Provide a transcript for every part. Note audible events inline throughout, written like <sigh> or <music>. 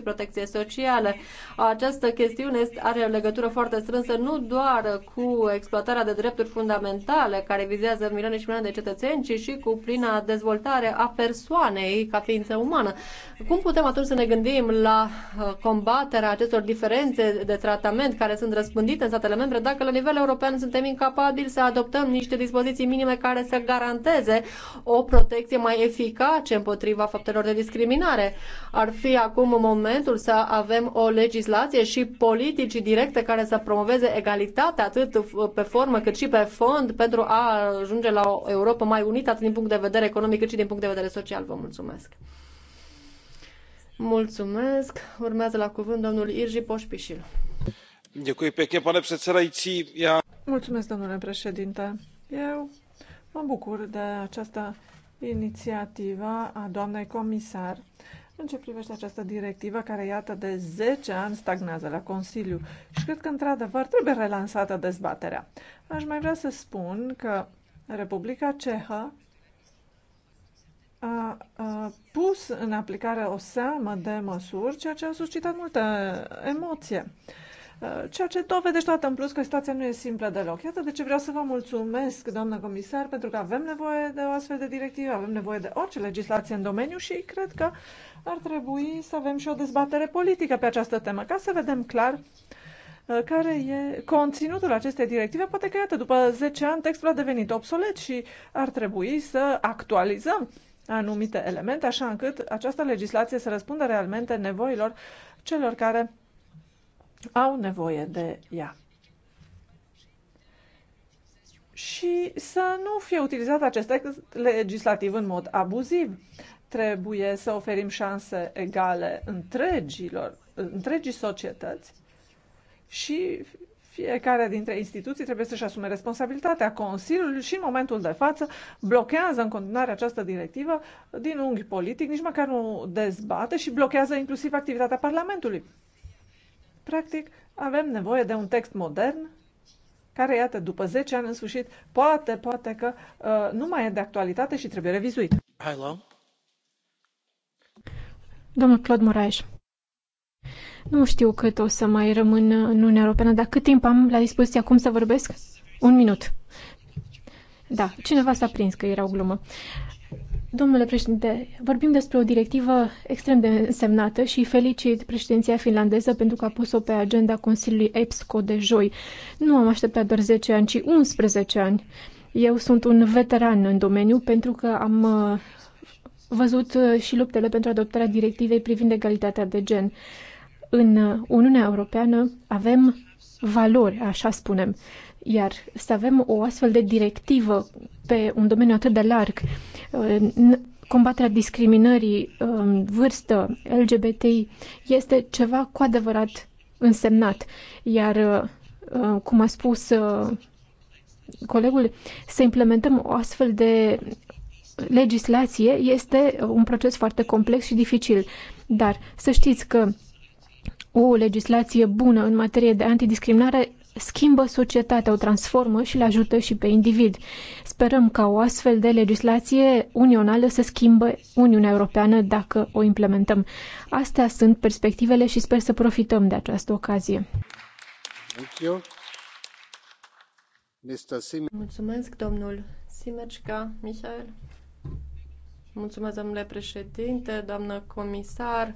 protecție socială. Această chestiune are o legătură foarte strânsă nu doar cu exploatarea de drepturi fundamentale care vizează milioane și milioane de cetățeni, ci și cu plina dezvoltare a persoanei ca ființă umană. Cum putem atunci să ne gândim la uh, combaterea acestor diferențe de tratament care sunt răspândite în statele membre dacă la nivel european suntem incapabili să adoptăm niște dispoziții minime care să garanteze o protecție mai eficace împotriva faptelor de discriminare? Ar fi acum un moment Parlamentul să avem o legislație și politici directe care să promoveze egalitatea atât pe formă cât și pe fond pentru a ajunge la o Europa mai unită atât din punct de vedere economic cât și din punct de vedere social. Vă mulțumesc! Mulțumesc! Urmează la cuvânt domnul Irji Poșpișil. Mulțumesc, domnule președinte. Eu mă bucur de această inițiativă a doamnei comisar în ce privește această directivă care, iată, de 10 ani stagnează la Consiliu și cred că, într-adevăr, trebuie relansată dezbaterea. Aș mai vrea să spun că Republica Cehă a, a pus în aplicare o seamă de măsuri, ceea ce a suscitat multă emoție. Uh, Uh, ceea ce dovedește toată în plus că situația nu e simplă deloc. Iată de ce vreau să vă mulțumesc, doamnă comisar, pentru că avem nevoie de o astfel de directivă, avem nevoie de orice legislație în domeniu și cred că ar trebui să avem și o dezbatere politică pe această temă, ca să vedem clar uh, care e conținutul acestei directive. Poate că, iată, după 10 ani textul a devenit obsolet și ar trebui să actualizăm anumite elemente, așa încât această legislație să răspundă realmente nevoilor celor care au nevoie de ea. Și să nu fie utilizat acest text legislativ în mod abuziv. Trebuie să oferim șanse egale întregilor, întregii societăți și fiecare dintre instituții trebuie să-și asume responsabilitatea. Consiliul și în momentul de față blochează în continuare această directivă din unghi politic, nici măcar nu dezbate și blochează inclusiv activitatea Parlamentului. Practic, avem nevoie de un text modern care, iată, după 10 ani în sfârșit, poate, poate că uh, nu mai e de actualitate și trebuie revizuit. Hello. Domnul Claude Moraes. Nu știu cât o să mai rămân în Uniunea Europeană, dar cât timp am la dispoziție acum să vorbesc? Un minut. Da, cineva s-a prins că era o glumă. Domnule președinte, vorbim despre o directivă extrem de însemnată și felicit președinția finlandeză pentru că a pus-o pe agenda Consiliului EPSCO de joi. Nu am așteptat doar 10 ani, ci 11 ani. Eu sunt un veteran în domeniu pentru că am uh, văzut uh, și luptele pentru adoptarea directivei privind egalitatea de gen. În uh, Uniunea Europeană avem valori, așa spunem, iar să avem o astfel de directivă pe un domeniu atât de larg, combaterea discriminării, vârstă, LGBTI, este ceva cu adevărat însemnat. Iar, uh, cum a spus uh, colegul, să implementăm o astfel de legislație este un proces foarte complex și dificil. Dar să știți că o legislație bună în materie de antidiscriminare schimbă societatea, o transformă și le ajută și pe individ. Sperăm ca o astfel de legislație unională să schimbă Uniunea Europeană dacă o implementăm. Astea sunt perspectivele și sper să profităm de această ocazie. Mulțumesc, domnul Simecica Michael. Mulțumesc, domnule președinte, doamnă comisar.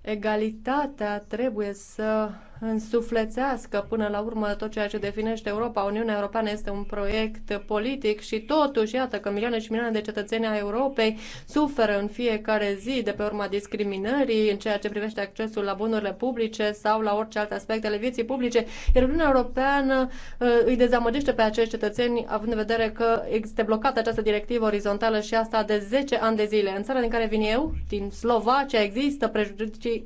Egalitatea trebuie să însuflețească până la urmă tot ceea ce definește Europa. Uniunea Europeană este un proiect politic și totuși, iată că milioane și milioane de cetățeni ai Europei suferă în fiecare zi de pe urma discriminării în ceea ce privește accesul la bunurile publice sau la orice alte aspecte ale vieții publice, iar Uniunea Europeană uh, îi dezamăgește pe acești cetățeni având în vedere că este blocată această directivă orizontală și asta de 10 ani de zile. În țara din care vin eu, din Slovacia, există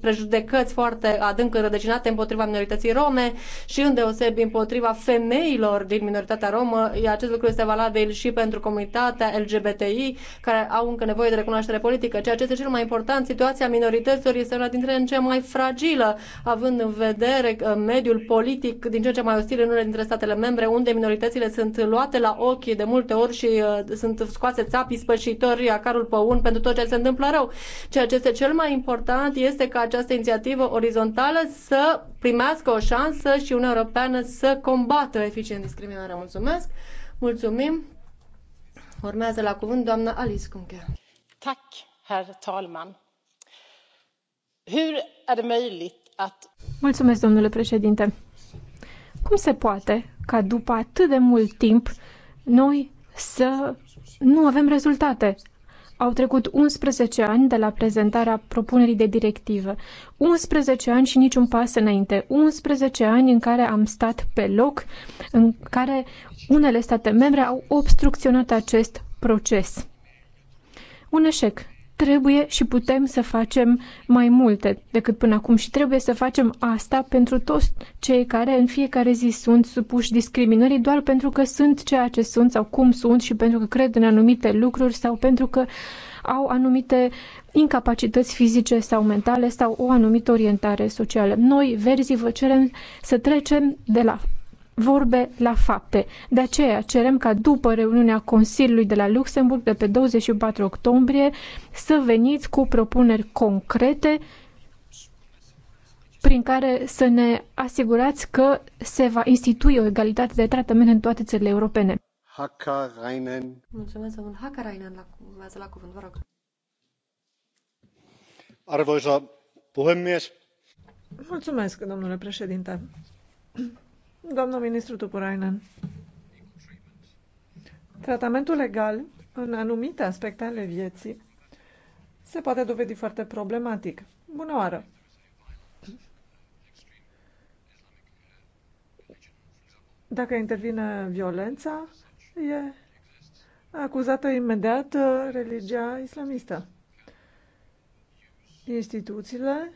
prejudecăți foarte adânc înrădăcinate împotriva minorității rome și îndeosebi împotriva femeilor din minoritatea romă. Acest lucru este valabil și pentru comunitatea LGBTI, care au încă nevoie de recunoaștere politică. Ceea ce este cel mai important, situația minorităților este una dintre cele mai fragilă, având în vedere uh, mediul politic din ce în ce mai ostil în unele dintre statele membre, unde minoritățile sunt luate la ochi de multe ori și uh, sunt scoase țapii spășitori, acarul pe un pentru tot ce se întâmplă rău. Ceea ce este cel mai important este ca această inițiativă orizontală să primească primească o șansă și Uniunea Europeană să combată eficient discriminarea. Mulțumesc! Mulțumim! Urmează la cuvânt doamna Alice Kunke. Tak, herr talman. Hur är det möjligt att... Mulțumesc, domnule președinte. Cum se poate ca după atât de mult timp noi să nu avem rezultate? Au trecut 11 ani de la prezentarea propunerii de directivă. 11 ani și niciun pas înainte. 11 ani în care am stat pe loc, în care unele state membre au obstrucționat acest proces. Un eșec trebuie și putem să facem mai multe decât până acum și trebuie să facem asta pentru toți cei care în fiecare zi sunt supuși discriminării doar pentru că sunt ceea ce sunt sau cum sunt și pentru că cred în anumite lucruri sau pentru că au anumite incapacități fizice sau mentale sau o anumită orientare socială. Noi, verzii, vă cerem să trecem de la vorbe la fapte. De aceea cerem ca după reuniunea Consiliului de la Luxemburg de pe 24 octombrie să veniți cu propuneri concrete prin care să ne asigurați că se va institui o egalitate de tratament în toate țările europene. Hakarainen. Mulțumesc, domnul Hakarainen, la, urmează la cuvânt, vă rog. Arvoisa puhemies. Mulțumesc, domnule președinte. Domnul ministru Tupurainen, tratamentul legal în anumite aspecte ale vieții se poate dovedi foarte problematic. Bună oară! Dacă intervine violența, e acuzată imediat religia islamistă. Instituțiile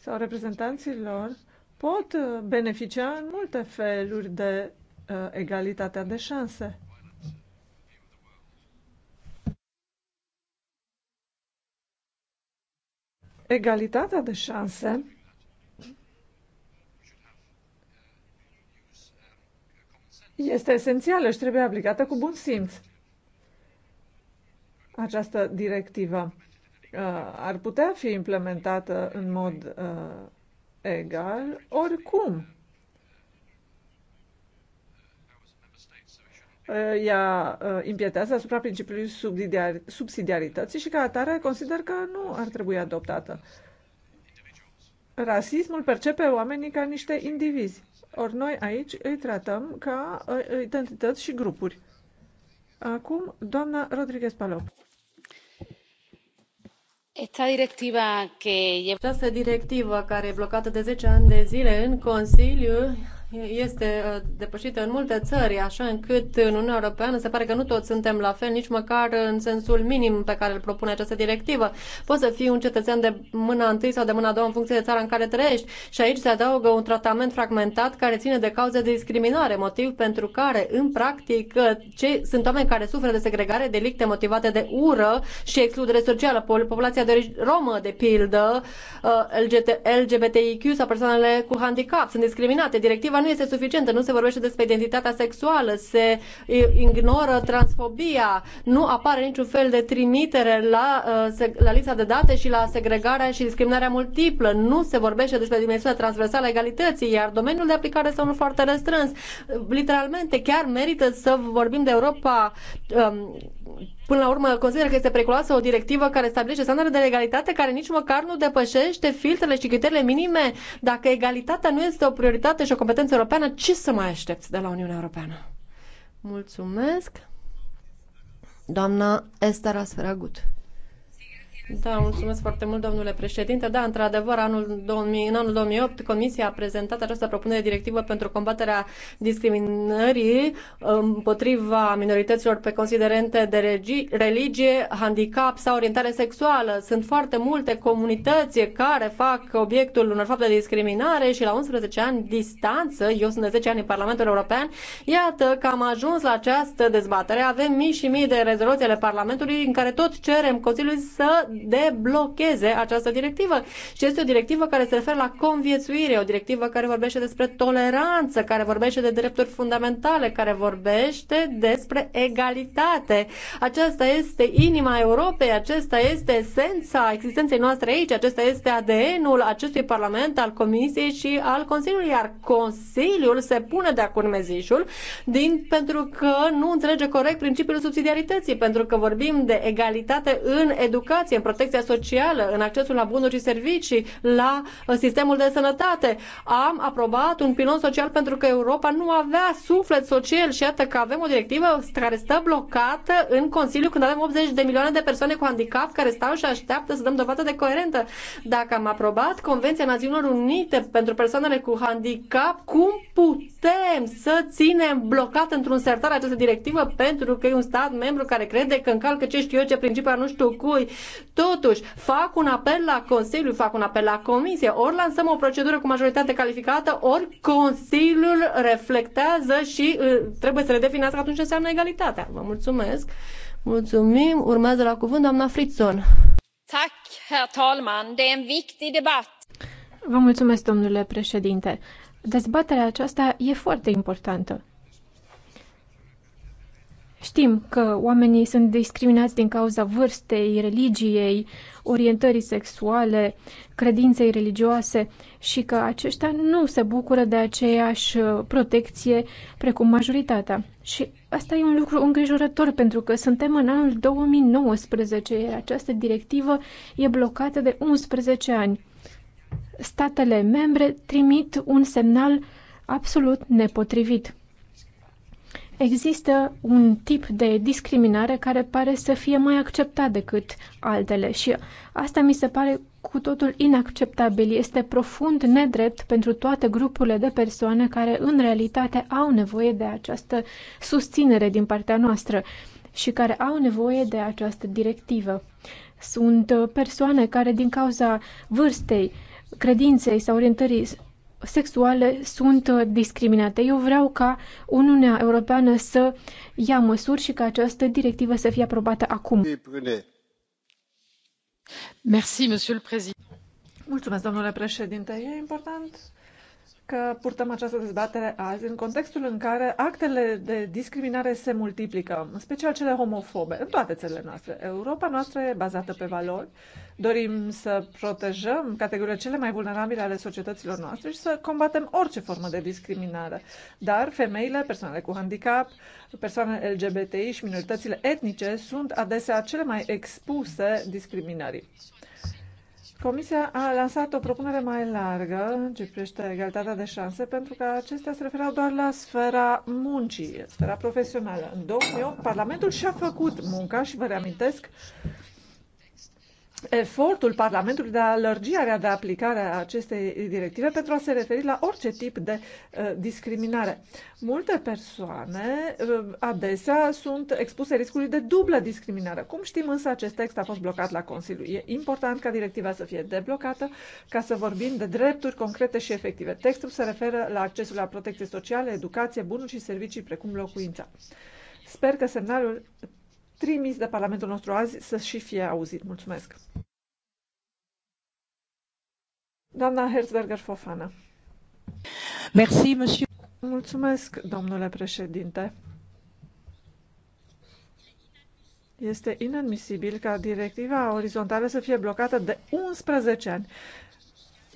sau reprezentanții lor pot uh, beneficia în multe feluri de uh, egalitatea de șanse. Egalitatea de șanse este esențială și trebuie aplicată cu bun simț. Această directivă uh, ar putea fi implementată în mod uh, egal oricum. Ea impietează asupra principiului subsidiarității și ca atare consider că nu ar trebui adoptată. Rasismul percepe oamenii ca niște indivizi, ori noi aici îi tratăm ca identități și grupuri. Acum, doamna Rodriguez Palop. Această directivă, care e blocată de zece ani de zile în Consiliu, este uh, depășită în multe țări, așa încât în Uniunea Europeană se pare că nu toți suntem la fel, nici măcar în sensul minim pe care îl propune această directivă. Poți să fii un cetățean de mâna întâi sau de mâna a doua în funcție de țara în care trăiești și aici se adaugă un tratament fragmentat care ține de cauze de discriminare, motiv pentru care, în practică, cei, sunt oameni care suferă de segregare, delicte motivate de ură și excludere socială, populația de origine romă, de pildă, uh, LGBTIQ sau persoanele cu handicap sunt discriminate. Directiva nu este suficientă. Nu se vorbește despre identitatea sexuală, se ignoră transfobia, nu apare niciun fel de trimitere la, uh, la lista de date și la segregarea și discriminarea multiplă. Nu se vorbește despre dimensiunea transversală a egalității, iar domeniul de aplicare este unul foarte restrâns. Literalmente, chiar merită să vorbim de Europa um, Până la urmă, consider că este preculoasă o directivă care stabilește standarde de legalitate care nici măcar nu depășește filtrele și criteriile minime. Dacă egalitatea nu este o prioritate și o competență europeană, ce să mai aștepți de la Uniunea Europeană? Mulțumesc. Doamna Esther Asferagut. Da, mulțumesc foarte mult, domnule președinte. Da, într-adevăr, anul 2000, în anul 2008, Comisia a prezentat această propunere directivă pentru combaterea discriminării împotriva minorităților pe considerente de regi, religie, handicap sau orientare sexuală. Sunt foarte multe comunități care fac obiectul unor fapte de discriminare și la 11 ani distanță, eu sunt de 10 ani în Parlamentul European, iată că am ajuns la această dezbatere. Avem mii și mii de rezoluții ale Parlamentului în care tot cerem Consiliului să deblocheze această directivă. Și este o directivă care se referă la conviețuire, o directivă care vorbește despre toleranță, care vorbește de drepturi fundamentale, care vorbește despre egalitate. Aceasta este inima Europei, acesta este esența existenței noastre aici, acesta este ADN-ul acestui Parlament, al Comisiei și al Consiliului, iar Consiliul se pune de acum mezișul din, pentru că nu înțelege corect principiul subsidiarității, pentru că vorbim de egalitate în educație, protecția socială, în accesul la bunuri și servicii, la uh, sistemul de sănătate. Am aprobat un pilon social pentru că Europa nu avea suflet social și iată că avem o directivă care stă blocată în Consiliu când avem 80 de milioane de persoane cu handicap care stau și așteaptă să dăm dovadă de coerentă. Dacă am aprobat Convenția Națiunilor Unite pentru persoanele cu handicap, cum putem putem să ținem blocat într-un sertar această directivă pentru că e un stat membru care crede că încalcă ce știu eu, ce principiu nu știu cui. Totuși, fac un apel la Consiliu, fac un apel la Comisie, ori lansăm o procedură cu majoritate calificată, ori Consiliul reflectează și uh, trebuie să redefinească atunci ce înseamnă egalitatea. Vă mulțumesc! Mulțumim! Urmează la cuvânt doamna Fritzon. Tak, herr talman. Det är en viktig debatt. Vă mulțumesc, domnule președinte. Dezbaterea aceasta e foarte importantă. Știm că oamenii sunt discriminați din cauza vârstei, religiei, orientării sexuale, credinței religioase și că aceștia nu se bucură de aceeași uh, protecție precum majoritatea. Și asta e un lucru îngrijorător pentru că suntem în anul 2019, iar această directivă e blocată de 11 ani statele membre trimit un semnal absolut nepotrivit. Există un tip de discriminare care pare să fie mai acceptat decât altele și asta mi se pare cu totul inacceptabil. Este profund nedrept pentru toate grupurile de persoane care în realitate au nevoie de această susținere din partea noastră și care au nevoie de această directivă. Sunt persoane care din cauza vârstei, credinței sau orientării sexuale sunt uh, discriminate. Eu vreau ca Uniunea Europeană să ia măsuri și ca această directivă să fie aprobată acum. Mulțumesc, domnule președinte. E important că purtăm această dezbatere azi în contextul în care actele de discriminare se multiplică, în special cele homofobe, în toate țările noastre. Europa noastră e bazată pe valori, dorim să protejăm categoriile cele mai vulnerabile ale societăților noastre și să combatem orice formă de discriminare. Dar femeile, persoanele cu handicap, persoanele LGBTI și minoritățile etnice sunt adesea cele mai expuse discriminării. Comisia a lansat o propunere mai largă în ce privește egalitatea de șanse, pentru că acestea se referau doar la sfera muncii, sfera profesională. În 2008, Parlamentul și-a făcut munca și vă reamintesc efortul Parlamentului de a lărgi area de aplicare a acestei directive pentru a se referi la orice tip de uh, discriminare. Multe persoane uh, adesea sunt expuse riscului de dublă discriminare. Cum știm însă, acest text a fost blocat la Consiliu. E important ca directiva să fie deblocată ca să vorbim de drepturi concrete și efective. Textul se referă la accesul la protecție socială, educație, bunuri și servicii precum locuința. Sper că semnalul trimis de Parlamentul nostru azi să și fie auzit. Mulțumesc! Doamna Herzberger Fofana. Merci, monsieur. Mulțumesc, domnule președinte. Este inadmisibil ca directiva orizontală să fie blocată de 11 ani.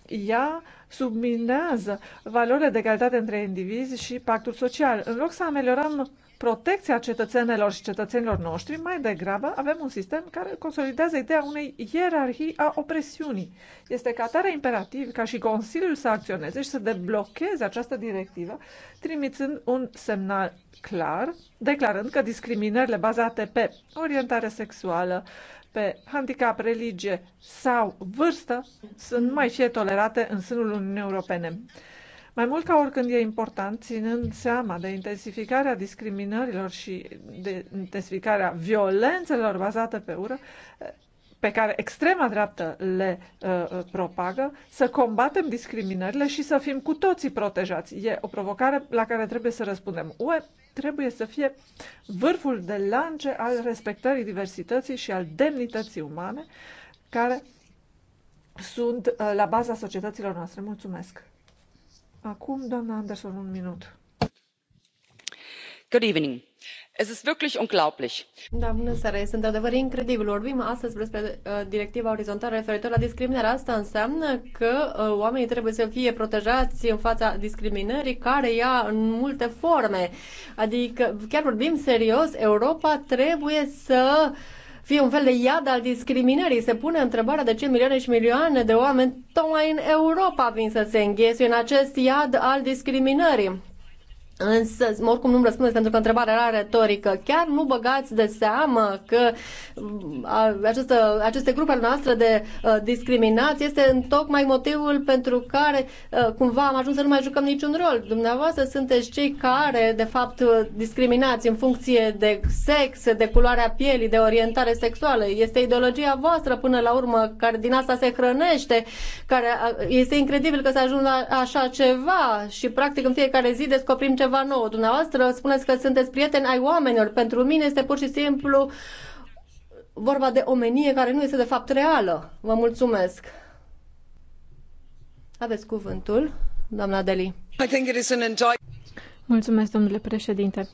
Ea subminează valorile de egalitate între indivizi și pactul social. În loc să ameliorăm protecția cetățenilor și cetățenilor noștri, mai degrabă avem un sistem care consolidează ideea unei ierarhii a opresiunii. Este ca atare imperativ ca și Consiliul să acționeze și să deblocheze această directivă, trimițând un semnal clar, declarând că discriminările bazate pe orientare sexuală, pe handicap, religie sau vârstă sunt mai fie tolerate în sânul Uniunii Europene. Mai mult ca oricând e important, ținând seama de intensificarea discriminărilor și de intensificarea violențelor bazate pe ură, pe care extrema dreaptă le uh, uh, propagă, să combatem discriminările și să fim cu toții protejați. E o provocare la care trebuie să răspundem. UE trebuie să fie vârful de lance al respectării diversității și al demnității umane, care sunt uh, la baza societăților noastre. Mulțumesc! Acum, doamna Anderson, un minut. Good evening. Es ist wirklich unglaublich. Da, bună seara, este într-adevăr incredibil. Vorbim astăzi despre uh, directiva orizontală referitoare la discriminare. Asta înseamnă că uh, oamenii trebuie să fie protejați în fața discriminării care ia în multe forme. Adică, chiar vorbim serios, Europa trebuie să uh, fie un fel de iad al discriminării. Se pune întrebarea de ce milioane și milioane de oameni tocmai în Europa vin să se înghesuie în acest iad al discriminării. Însă, oricum nu-mi răspundeți pentru că întrebarea era retorică. Chiar nu băgați de seamă că mm, această, aceste grupe noastre de uh, discriminați este în tocmai motivul pentru care uh, cumva am ajuns să nu mai jucăm niciun rol. Dumneavoastră sunteți cei care, de fapt, discriminați în funcție de sex, de culoarea pielii, de orientare sexuală. Este ideologia voastră până la urmă care din asta se hrănește, care uh, este incredibil că s-a ajuns la așa ceva și practic în fiecare zi descoperim ceva ceva nou. Dumneavoastră spuneți că sunteți prieteni ai oamenilor. Pentru mine este pur și simplu vorba de omenie care nu este de fapt reală. Vă mulțumesc. Aveți cuvântul, doamna Deli. Mulțumesc, domnule președinte.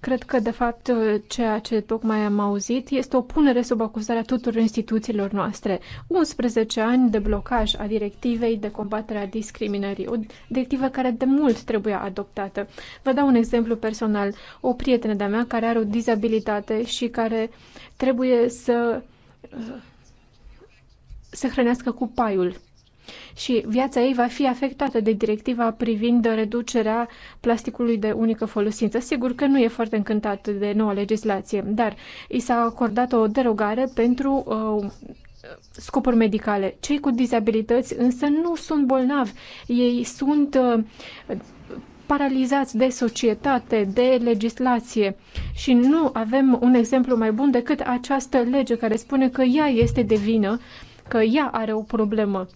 Cred că, de fapt, ceea ce tocmai am auzit este o punere sub acuzarea tuturor instituțiilor noastre. 11 ani de blocaj a directivei de combatere a discriminării, o directivă care de mult trebuia adoptată. Vă dau un exemplu personal. O prietenă de-a mea care are o dizabilitate și care trebuie să se hrănească cu paiul și viața ei va fi afectată de directiva privind reducerea plasticului de unică folosință. Sigur că nu e foarte încântat de noua legislație, dar i s-a acordat o derogare pentru uh, scopuri medicale. Cei cu dizabilități însă nu sunt bolnavi. Ei sunt uh, paralizați de societate, de legislație și nu avem un exemplu mai bun decât această lege care spune că ea este de vină, că ea are o problemă.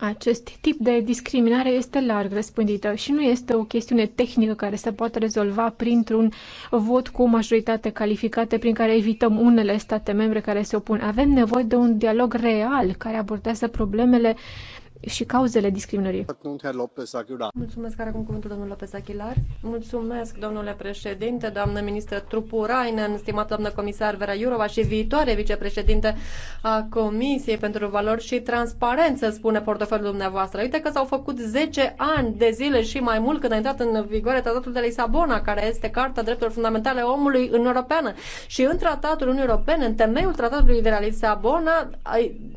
Acest tip de discriminare este larg răspândită și nu este o chestiune tehnică care se poate rezolva printr-un vot cu majoritate calificată prin care evităm unele state membre care se opun. Avem nevoie de un dialog real care abordează problemele uh, și cauzele discriminării. Mulțumesc, are acum cuvântul domnul Lopez Achilar. Mulțumesc, domnule președinte, doamnă ministră Rainen, stimată doamnă comisar Vera Iurova și viitoare vicepreședinte a Comisiei pentru Valori și Transparență, spune portofelul dumneavoastră. Uite că s-au făcut 10 ani de zile și mai mult când a intrat în vigoare tratatul de Lisabona, care este Carta Drepturilor Fundamentale Omului în Europeană. Și în tratatul Uniunii Europene, în temeiul tratatului de la Lisabona,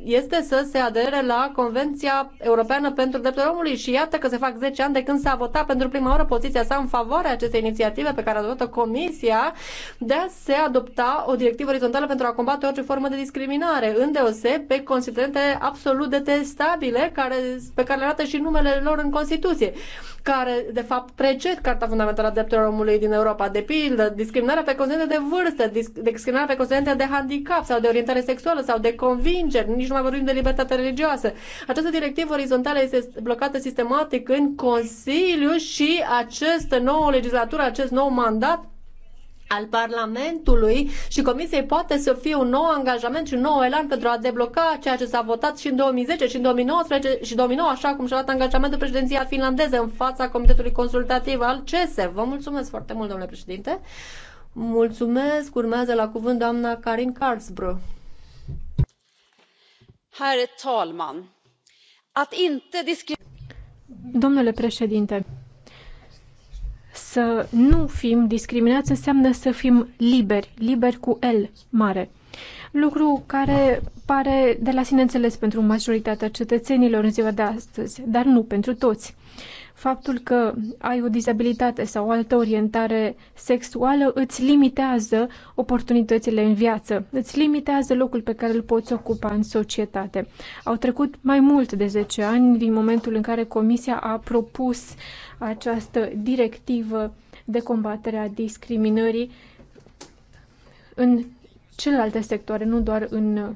este să se adere la Convenția Europeană pentru Drepturile Omului și iată că se fac 10 ani de când s-a votat pentru prima oară poziția sa în favoarea acestei inițiative pe care a adoptat Comisia de a se adopta o directivă orizontală pentru a combate orice formă de discriminare, îndeose pe considerente absolut detestabile care, pe care le arată și numele lor în Constituție care, de fapt, preced Carta Fundamentală a Drepturilor Omului din Europa. De pildă, discriminarea pe considerente de vârstă, discriminarea pe considerente de handicap sau de orientare sexuală sau de convingeri, nici nu mai vorbim de libertate religioasă. Această directivă orizontală este blocată sistematic în Consiliu și această nouă legislatură, acest nou mandat al Parlamentului și Comisiei poate să fie un nou angajament și un nou elan pentru a debloca ceea ce s-a votat și în 2010 și în 2019 și 2009, așa cum și-a luat angajamentul președinția finlandeză în fața Comitetului Consultativ al CESE. Vă mulțumesc foarte mult, domnule președinte. Mulțumesc. Urmează la cuvânt doamna Karin Karlsbrö. Herr talman, At inte Domnule președinte, să nu fim discriminați înseamnă să fim liberi, liberi cu L mare. Lucru care pare de la sine înțeles pentru majoritatea cetățenilor în ziua de astăzi, dar nu pentru toți faptul că ai o dizabilitate sau o altă orientare sexuală îți limitează oportunitățile în viață, îți limitează locul pe care îl poți ocupa în societate. Au trecut mai mult de 10 ani din momentul în care Comisia a propus această directivă de combatere a discriminării în celelalte sectoare, nu doar în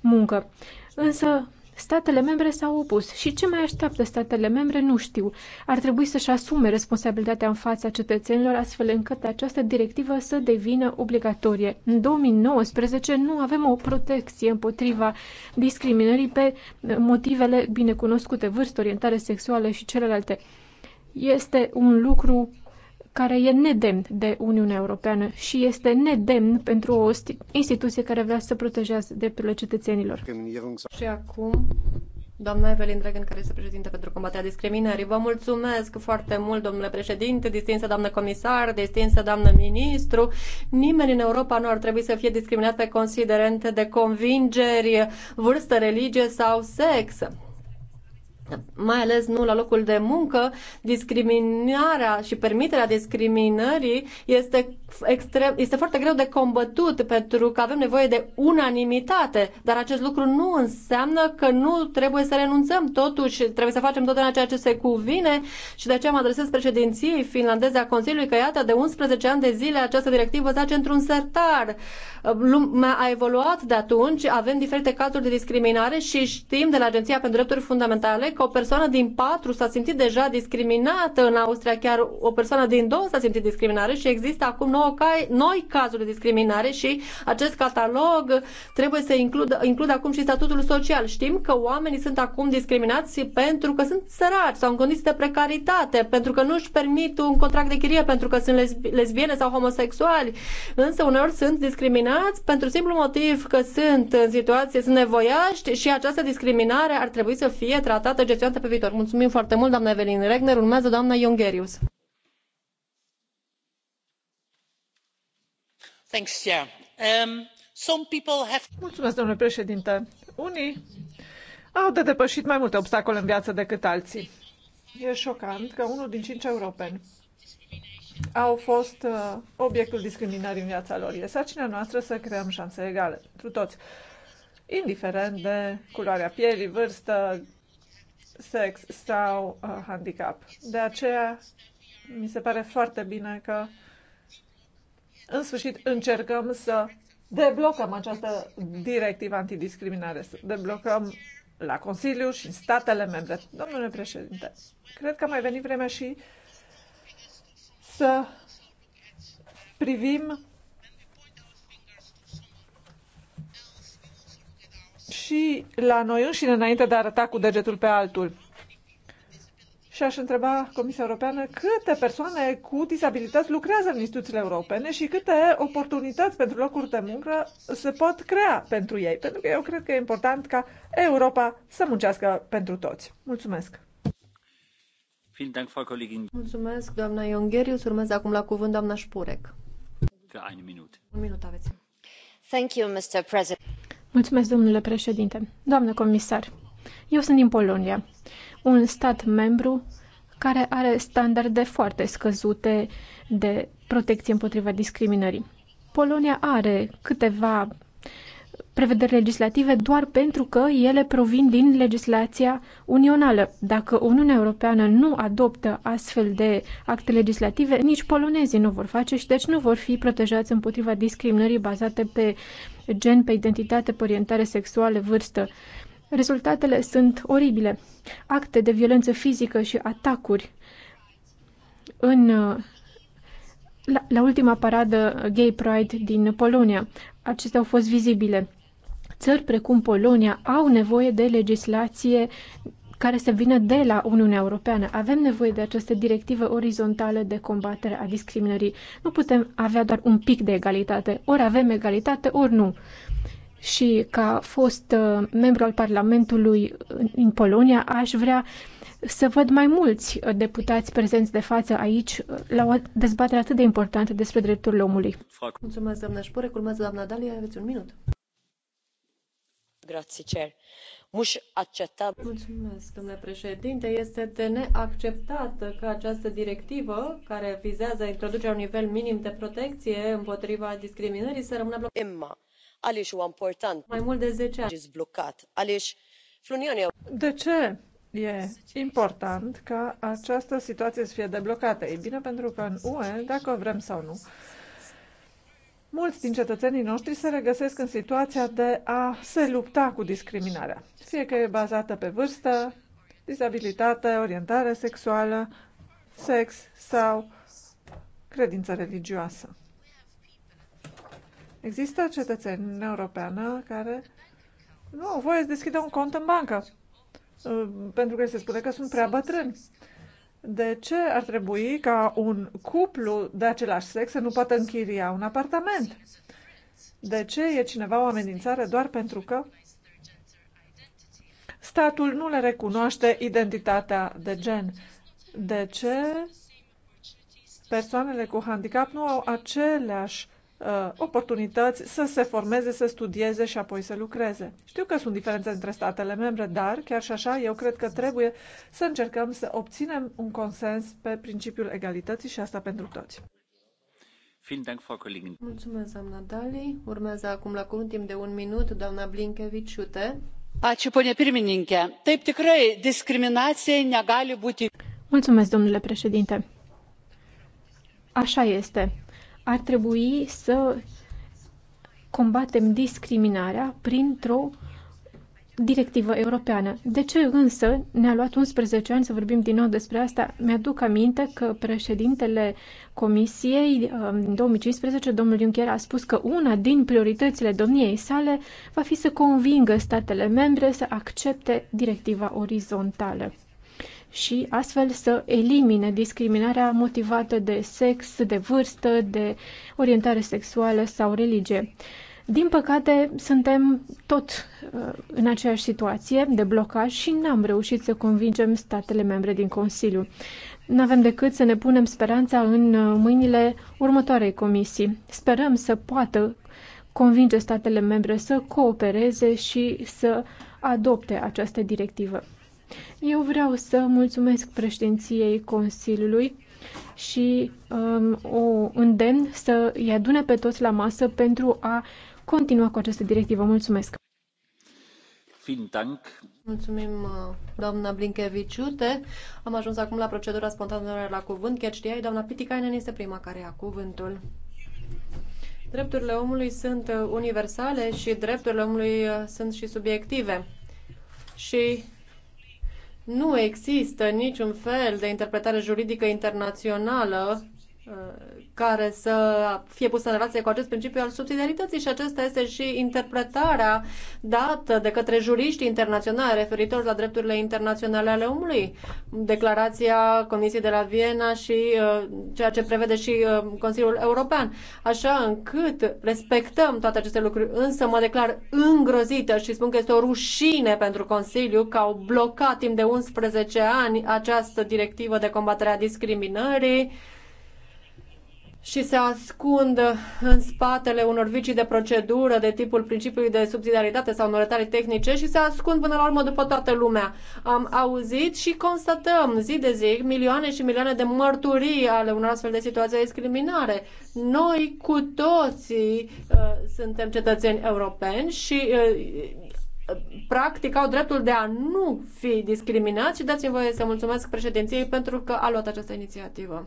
muncă. Însă Statele membre s-au opus și ce mai așteaptă statele membre nu știu. Ar trebui să-și asume responsabilitatea în fața cetățenilor astfel încât această directivă să devină obligatorie. În 2019 nu avem o protecție împotriva discriminării pe motivele binecunoscute, vârstă, orientare sexuală și celelalte. Este un lucru care e nedemn de Uniunea Europeană și este nedemn pentru o instituție care vrea să protejeze drepturile cetățenilor. Și acum, doamna Evelyn Dragan, care este președinte pentru combaterea discriminării, vă mulțumesc foarte mult, domnule președinte, distinsă doamnă comisar, distinsă doamnă ministru. Nimeni în Europa nu ar trebui să fie discriminat pe considerente de convingeri, vârstă, religie sau sex mai ales nu la locul de muncă, discriminarea și permiterea discriminării este, extrem, este foarte greu de combătut pentru că avem nevoie de unanimitate, dar acest lucru nu înseamnă că nu trebuie să renunțăm totuși, trebuie să facem totdeauna ceea ce se cuvine și de aceea mă adresez președinției finlandeze a Consiliului că iată de 11 ani de zile această directivă zace într-un sertar. Lumea a evoluat de atunci, avem diferite cazuri de discriminare și știm de la Agenția pentru Drepturi Fundamentale că o persoană din patru s-a simțit deja discriminată în Austria, chiar o persoană din două s-a simțit discriminare și există acum nouă noi cazuri de discriminare și acest catalog trebuie să includă, includă acum și statutul social. Știm că oamenii sunt acum discriminați pentru că sunt săraci sau în condiții de precaritate, pentru că nu își permit un contract de chirie, pentru că sunt lesbiene sau homosexuali, însă uneori sunt discriminați pentru simplu motiv că sunt în situație, sunt nevoiaști și această discriminare ar trebui să fie tratată gestionate pe viitor. Mulțumim foarte mult, doamna Evelin Regner. Urmează doamna Iongerius. Thanks, yeah. um, some people have... Mulțumesc, domnule președinte. Unii au de depășit mai multe obstacole în viață decât alții. E șocant că unul din cinci europeni au fost uh, obiectul discriminării în viața lor. E sarcina noastră să creăm șanse egale pentru toți, indiferent de culoarea pielii, vârstă, sex sau uh, handicap. De aceea, mi se pare foarte bine că, în sfârșit, încercăm să deblocăm această directivă antidiscriminare, să deblocăm la Consiliu și în statele membre. Domnule președinte, cred că a mai venit vremea și să privim și la noi înșine înainte de a arăta cu degetul pe altul. Și aș întreba Comisia Europeană câte persoane cu disabilități lucrează în instituțiile europene și câte oportunități pentru locuri de muncă se pot crea pentru ei. Pentru că eu cred că e important ca Europa să muncească pentru toți. Mulțumesc! Mulțumesc, doamna Iongherius. Urmează acum la cuvânt doamna Șpurec. Un minut aveți. Thank you, Mr. President. Mulțumesc, domnule președinte. Doamnă comisar, eu sunt din Polonia, un stat membru care are standarde foarte scăzute de protecție împotriva discriminării. Polonia are câteva prevederi legislative doar pentru că ele provin din legislația unională. Dacă Uniunea Europeană nu adoptă astfel de acte legislative, nici polonezii nu vor face și deci nu vor fi protejați împotriva discriminării bazate pe gen, pe identitate, pe orientare sexuală, vârstă. Rezultatele sunt oribile. Acte de violență fizică și atacuri în, la, la ultima paradă Gay Pride din Polonia. Acestea au fost vizibile. Țări precum Polonia au nevoie de legislație care să vină de la Uniunea Europeană. Avem nevoie de această directivă orizontală de combatere a discriminării. Nu putem avea doar un pic de egalitate. Ori avem egalitate, ori nu. Și ca fost uh, membru al Parlamentului uh, în Polonia, aș vrea să văd mai mulți uh, deputați prezenți de față aici la o dezbatere atât de importantă despre drepturile omului. Mulțumesc, doamna Șpure. Urmează doamna Dalia. Aveți un minut. Grazie, Chair domnule președinte. Este de neacceptat că această directivă, care vizează introducerea unui nivel minim de protecție împotriva discriminării, să rămână blocată. Imma, għaliex huwa important. Mai mult de zece ani. Bloccat. Għaliex De ce E important ca această situație să fie deblocată. E bine pentru că în UE, dacă vrem sau nu, Mulți din cetățenii noștri se regăsesc în situația de a se lupta cu discriminarea, fie că e bazată pe vârstă, dizabilitate, orientare sexuală, sex sau credință religioasă. Există cetățeni în Europeană care nu au voie să deschidă un cont în bancă uh, pentru că se spune că sunt prea bătrâni de ce ar trebui ca un cuplu de același sex să nu poată închiria un apartament? De ce e cineva o amenințare doar pentru că statul nu le recunoaște identitatea de gen? De ce persoanele cu handicap nu au aceleași uh, oportunități să se formeze, să studieze și apoi să lucreze. Știu că sunt diferențe între statele membre, dar chiar și așa eu cred că trebuie să încercăm să obținem un consens pe principiul egalității și asta pentru toți. Mulțumesc, doamna Dali. Urmează acum la cuvânt timp de un minut doamna Blinkevici Blinkevičiūtė. Ačiū, ponia pirmininkė. Taip tikrai diskriminacija negali būti. Mulțumesc, domnule președinte. Așa este ar trebui să combatem discriminarea printr-o directivă europeană. De ce însă ne-a luat 11 ani să vorbim din nou despre asta? Mi-aduc aminte că președintele Comisiei în uh, 2015, domnul Juncker, a spus că una din prioritățile domniei sale va fi să convingă statele membre să accepte directiva orizontală și astfel să elimine discriminarea motivată de sex, de vârstă, de orientare sexuală sau religie. Din păcate, suntem tot uh, în aceeași situație de blocaj și n-am reușit să convingem statele membre din Consiliu. Nu avem decât să ne punem speranța în uh, mâinile următoarei comisii. Sperăm să poată convinge statele membre să coopereze și să adopte această directivă. Eu vreau să mulțumesc președinției Consiliului și um, o îndemn să îi adune pe toți la masă pentru a continua cu această directivă. Mulțumesc! Mulțumim, uh, doamna Blinkeviciute. Am ajuns acum la procedura spontană la cuvânt. Chiar știai, doamna Pitikainen este prima care ia cuvântul. Drepturile omului sunt uh, universale și drepturile omului uh, sunt și subiective. Și nu există niciun fel de interpretare juridică internațională Uh, care să fie pusă în relație cu acest principiu al subsidiarității și acesta este și interpretarea dată de către juriștii internaționali referitor la drepturile internaționale ale omului. Declarația Comisiei de la Viena și uh, ceea ce prevede și uh, Consiliul European. Așa încât respectăm toate aceste lucruri, însă mă declar îngrozită și spun că este o rușine pentru Consiliu că au blocat timp de 11 ani această directivă de combatere a discriminării și se ascund în spatele unor vicii de procedură de tipul principiului de subsidiaritate sau unor tehnice și se ascund până la urmă după toată lumea. Am auzit și constatăm zi de zi milioane și milioane de mărturii ale unor astfel de situații de discriminare. Noi cu toții uh, suntem cetățeni europeni și uh, practic au dreptul de a nu fi discriminați și dați-mi voie să mulțumesc președinției pentru că a luat această inițiativă.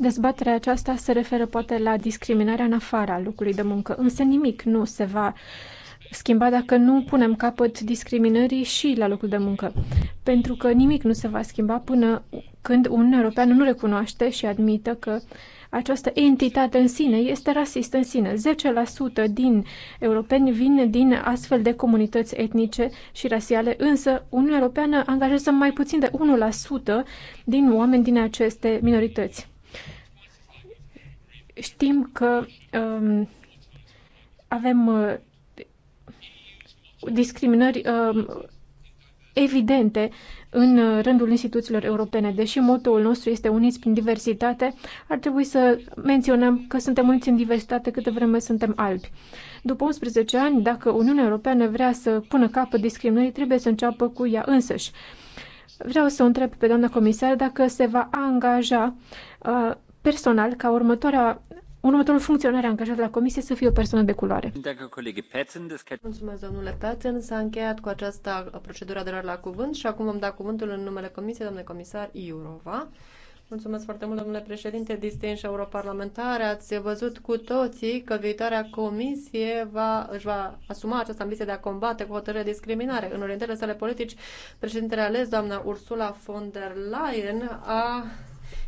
Dezbaterea aceasta se referă poate la discriminarea în afara locului de muncă, însă nimic nu se va schimba dacă nu punem capăt discriminării și la locul de muncă. Pentru că nimic nu se va schimba până când Uniunea Europeană nu recunoaște și admită că această entitate în sine este rasistă în sine. 10% din europeni vin din astfel de comunități etnice și rasiale, însă Uniunea Europeană angajează mai puțin de 1% din oameni din aceste minorități. Știm că um, avem uh, discriminări uh, evidente în rândul instituțiilor europene. Deși motoul nostru este uniți prin diversitate, ar trebui să menționăm că suntem uniți în diversitate câte vreme suntem albi. După 11 ani, dacă Uniunea Europeană vrea să pună capăt discriminării, trebuie să înceapă cu ea însăși. Vreau să o întreb pe doamna comisar dacă se va angaja uh, personal ca următoarea următorul funcționar angajat la comisie să fie o persoană de culoare. Mulțumesc, domnule Patten. S-a încheiat cu această procedură de la, la cuvânt și acum vom da cuvântul în numele comisiei, domnule comisar Iurova. Mulțumesc foarte mult, domnule președinte, distinși europarlamentare. Ați văzut cu toții că viitoarea comisie va, își va asuma această ambiție de a combate cu hotărâre discriminare. În orientările sale politici, președintele ales, doamna Ursula von der Leyen, a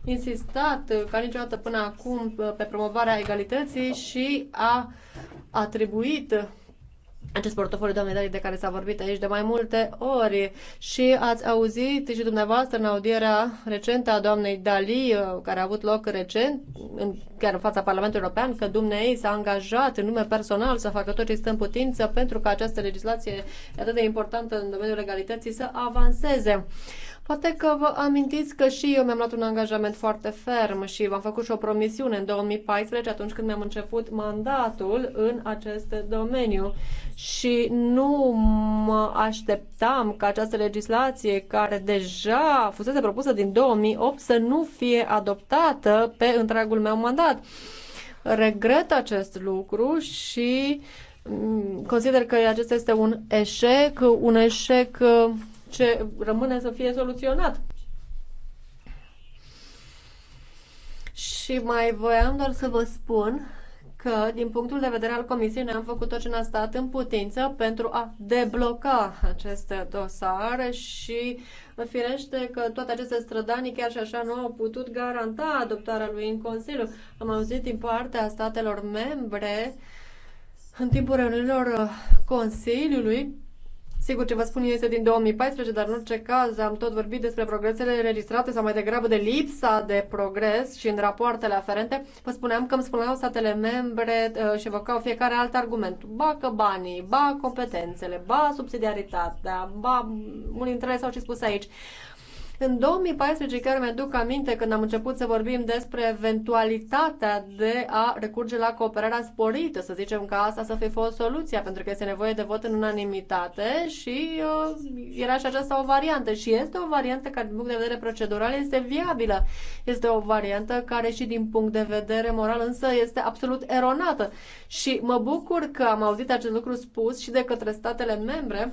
insistat uh, ca niciodată până acum uh, pe promovarea egalității și a atribuit acest portofoliu, de Dali, de care s-a vorbit aici de mai multe ori și ați auzit și dumneavoastră în audierea recentă a doamnei Dali, uh, care a avut loc recent, în, chiar în fața Parlamentului European, că dumneei s-a angajat în nume personal să facă tot ce stă în putință pentru ca această legislație atât de importantă în domeniul legalității să avanseze. Poate că vă amintiți că și eu mi-am luat un angajament foarte ferm și v-am făcut și o promisiune în 2014, atunci când mi-am început mandatul în acest domeniu. Și nu mă așteptam ca această legislație, care deja fusese propusă din 2008, să nu fie adoptată pe întregul meu mandat. Regret acest lucru și mm, consider că acesta este un eșec, un eșec ce rămâne să fie soluționat. Și mai voiam doar să vă spun că, din punctul de vedere al Comisiei, ne am făcut tot ce ne-a stat în putință pentru a debloca aceste dosare și firește că toate aceste strădanii chiar și așa nu au putut garanta adoptarea lui în Consiliu. Am auzit din partea statelor membre în timpul reuniunilor Consiliului Sigur, ce vă spun este din 2014, dar în orice caz am tot vorbit despre progresele înregistrate sau mai degrabă de lipsa de progres și în rapoartele aferente. Vă spuneam că îmi spuneau statele membre uh, și evocau fiecare alt argument. Ba că banii, ba competențele, ba subsidiaritatea, ba unii dintre ele s-au spus aici. În 2014 chiar mi-aduc aminte când am început să vorbim despre eventualitatea de a recurge la cooperarea sporită, să zicem că asta să fi fost soluția, pentru că este nevoie de vot în unanimitate și uh, era și aceasta o variantă. Și este o variantă care, din punct de vedere procedural, este viabilă. Este o variantă care și din punct de vedere moral însă este absolut eronată. Și mă bucur că am auzit acest lucru spus și de către statele membre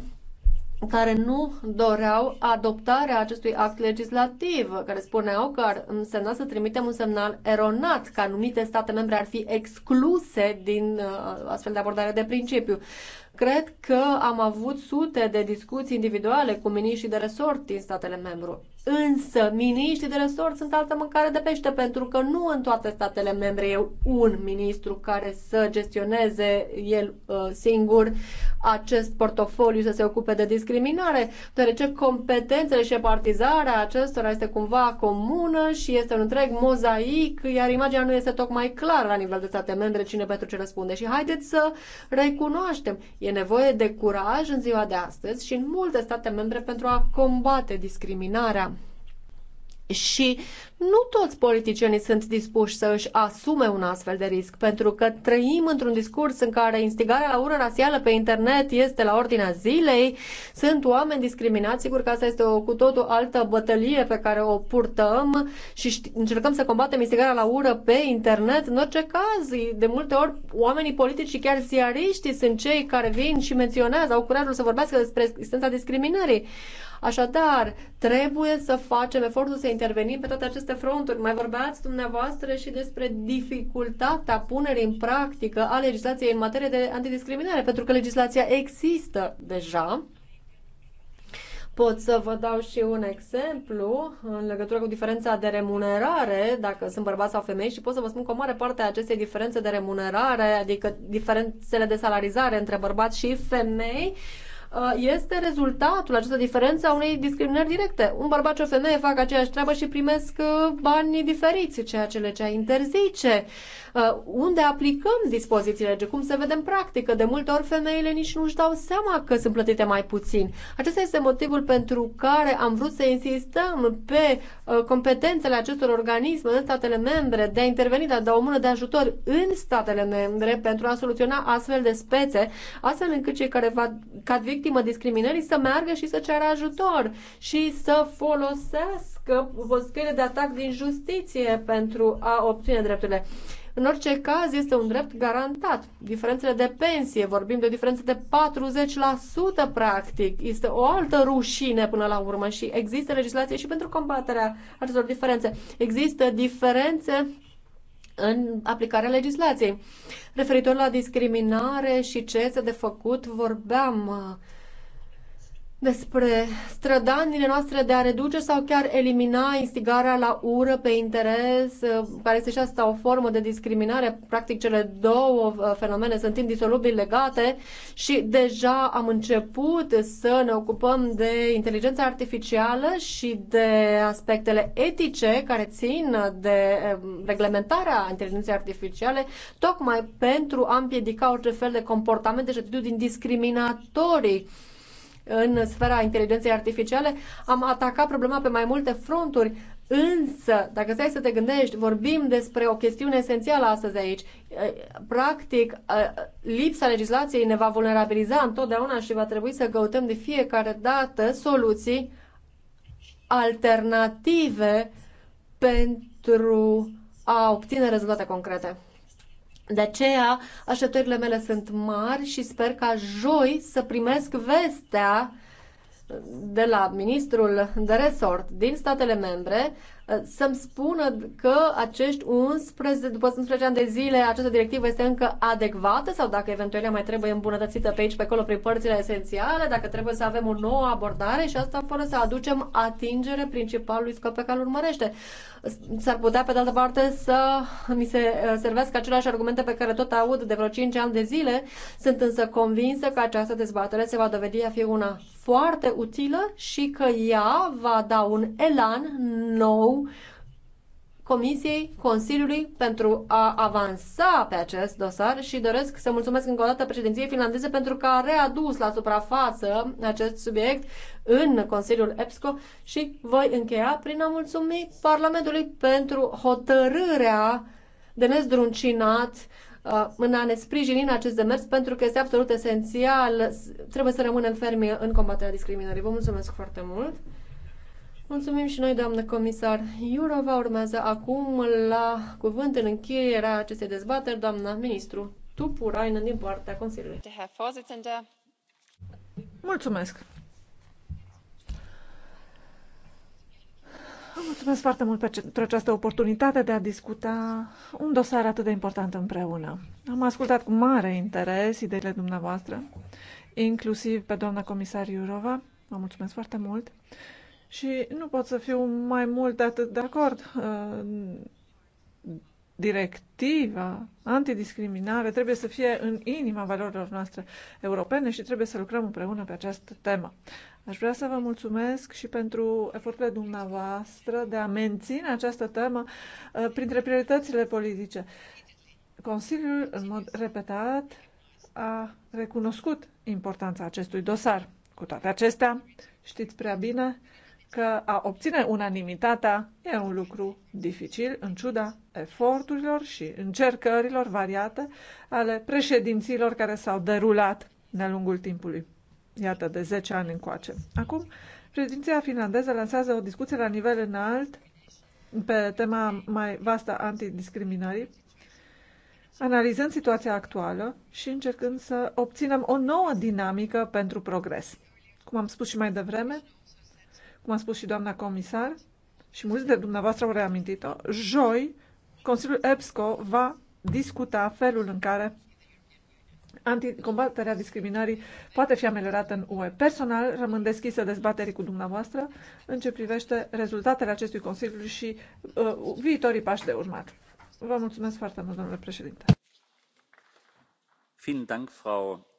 care nu doreau adoptarea acestui act legislativ, care spuneau că ar însemna să trimitem un semnal eronat, că anumite state membre ar fi excluse din uh, astfel de abordare de principiu. Cred că am avut sute de discuții individuale cu miniștrii de resort din statele membru, Însă, miniștrii de resort sunt altă mâncare de pește, pentru că nu în toate statele membre e un ministru care să gestioneze el uh, singur acest portofoliu, să se ocupe de discriminare, deoarece competențele și partizarea acestora este cumva comună și este un întreg mozaic, iar imaginea nu este tocmai clară la nivel de state membre cine pentru ce răspunde. Și haideți să recunoaștem, e nevoie de curaj în ziua de astăzi și în multe state membre pentru a combate discriminarea și nu toți politicienii sunt dispuși să își asume un astfel de risc, pentru că trăim într-un discurs în care instigarea la ură rasială pe internet este la ordinea zilei, sunt oameni discriminați, sigur că asta este o cu totul altă bătălie pe care o purtăm și încercăm să combatem instigarea la ură pe internet. În orice caz, de multe ori, oamenii politici și chiar ziariștii sunt cei care vin și menționează, au curajul să vorbească despre existența discriminării. Așadar, trebuie să facem efortul să intervenim pe toate aceste fronturi. Mai vorbeați dumneavoastră și despre dificultatea punerii în practică a legislației în materie de antidiscriminare, pentru că legislația există deja. Pot să vă dau și un exemplu în legătură cu diferența de remunerare, dacă sunt bărbați sau femei, și pot să vă spun că o mare parte a acestei diferențe de remunerare, adică diferențele de salarizare între bărbați și femei, uh, Uh, este rezultatul, această diferență a unei discriminări directe. Un bărbat și o femeie fac aceeași treabă și primesc uh, bani diferiți, ceea ce legea interzice. Uh, unde aplicăm dispozițiile, deci cum se vede în practică. De multe ori femeile nici nu-și dau seama că sunt plătite mai puțin. Acesta este motivul pentru care am vrut să insistăm pe uh, competențele acestor organisme în statele membre de a interveni, de a da o mână de ajutor în statele membre pentru a soluționa astfel de spețe, astfel încât cei care va, cad victimă discriminării să meargă și să ceară ajutor și să folosească căile de atac din justiție pentru a obține drepturile. În orice caz, este un drept garantat. Diferențele de pensie, vorbim de o diferență de 40% practic. Este o altă rușine până la urmă și există legislație și pentru combaterea acestor diferențe. Există diferențe în aplicarea legislației. Referitor la discriminare și ce este de făcut, vorbeam uh, despre strădanile noastre de a reduce sau chiar elimina instigarea la ură pe interes, uh, care este și asta o formă de discriminare. Practic, cele două uh, fenomene sunt indisolubil legate și deja am început să ne ocupăm de inteligența artificială și de aspectele etice care țin de um, reglementarea inteligenței artificiale, tocmai pentru a împiedica orice fel de comportamente și atitudini discriminatorii în sfera inteligenței artificiale, am atacat problema pe mai multe fronturi, însă, dacă stai să te gândești, vorbim despre o chestiune esențială astăzi aici. Practic, lipsa legislației ne va vulnerabiliza întotdeauna și va trebui să căutăm de fiecare dată soluții alternative pentru a obține rezultate concrete. De aceea, așteptările mele sunt mari și sper ca joi să primesc vestea de la ministrul de resort din statele membre Uh, să-mi spună că acești 11, după 11 ani de zile, această directivă este încă adecvată sau dacă eventual mai trebuie îmbunătățită pe aici, pe acolo, prin părțile esențiale, dacă trebuie să avem o nouă abordare și asta fără să aducem atingere principalului scop pe care îl urmărește. S-ar putea, pe de altă parte, să mi se uh, servească aceleași argumente pe care tot aud de vreo 5 ani de zile. Sunt însă convinsă că această dezbatere se va dovedi a fi una foarte utilă și că ea va da un elan nou Comisiei, Consiliului pentru a avansa pe acest dosar și doresc să mulțumesc încă o dată președinției finlandeze pentru că a readus la suprafață acest subiect în Consiliul EPSCO și voi încheia prin a mulțumi Parlamentului pentru hotărârea de nezdruncinat Uh, în a ne sprijini în acest demers, pentru că este absolut esențial. Trebuie să rămânem fermi în combaterea discriminării. Vă mulțumesc foarte mult! Mulțumim și noi, doamnă comisar Iurova. Urmează acum la cuvânt în încheierea acestei dezbateri, doamna ministru Tupurainen din partea Consiliului. Mulțumesc! Mulțumesc foarte mult pentru această oportunitate de a discuta un dosar atât de important împreună. Am ascultat cu mare interes ideile dumneavoastră, inclusiv pe doamna comisar Iurova. Vă mulțumesc foarte mult și nu pot să fiu mai mult de atât de acord. Uh, directiva antidiscriminare trebuie să fie în inima valorilor noastre europene și trebuie să lucrăm împreună pe această temă. Aș vrea să vă mulțumesc și pentru eforturile dumneavoastră de a menține această temă uh, printre prioritățile politice. Consiliul, în mod repetat, a recunoscut importanța acestui dosar. Cu toate acestea, știți prea bine că a obține unanimitatea e un lucru dificil, în ciuda eforturilor și încercărilor variate ale președinților care s-au derulat de-a lungul timpului iată, de 10 ani încoace. Acum, președinția finlandeză lansează o discuție la nivel înalt pe tema mai vastă antidiscriminării, analizând situația actuală și încercând să obținem o nouă dinamică pentru progres. Cum am spus și mai devreme, cum a spus și doamna comisar, și mulți de dumneavoastră au reamintit-o, joi Consiliul EBSCO va discuta felul în care anti, combaterea discriminării poate fi ameliorată în UE. Personal, rămân deschisă dezbaterii cu dumneavoastră în ce privește rezultatele acestui Consiliu și uh, viitorii pași de urmat. Vă mulțumesc foarte mult, domnule președinte. Vielen Dank, Frau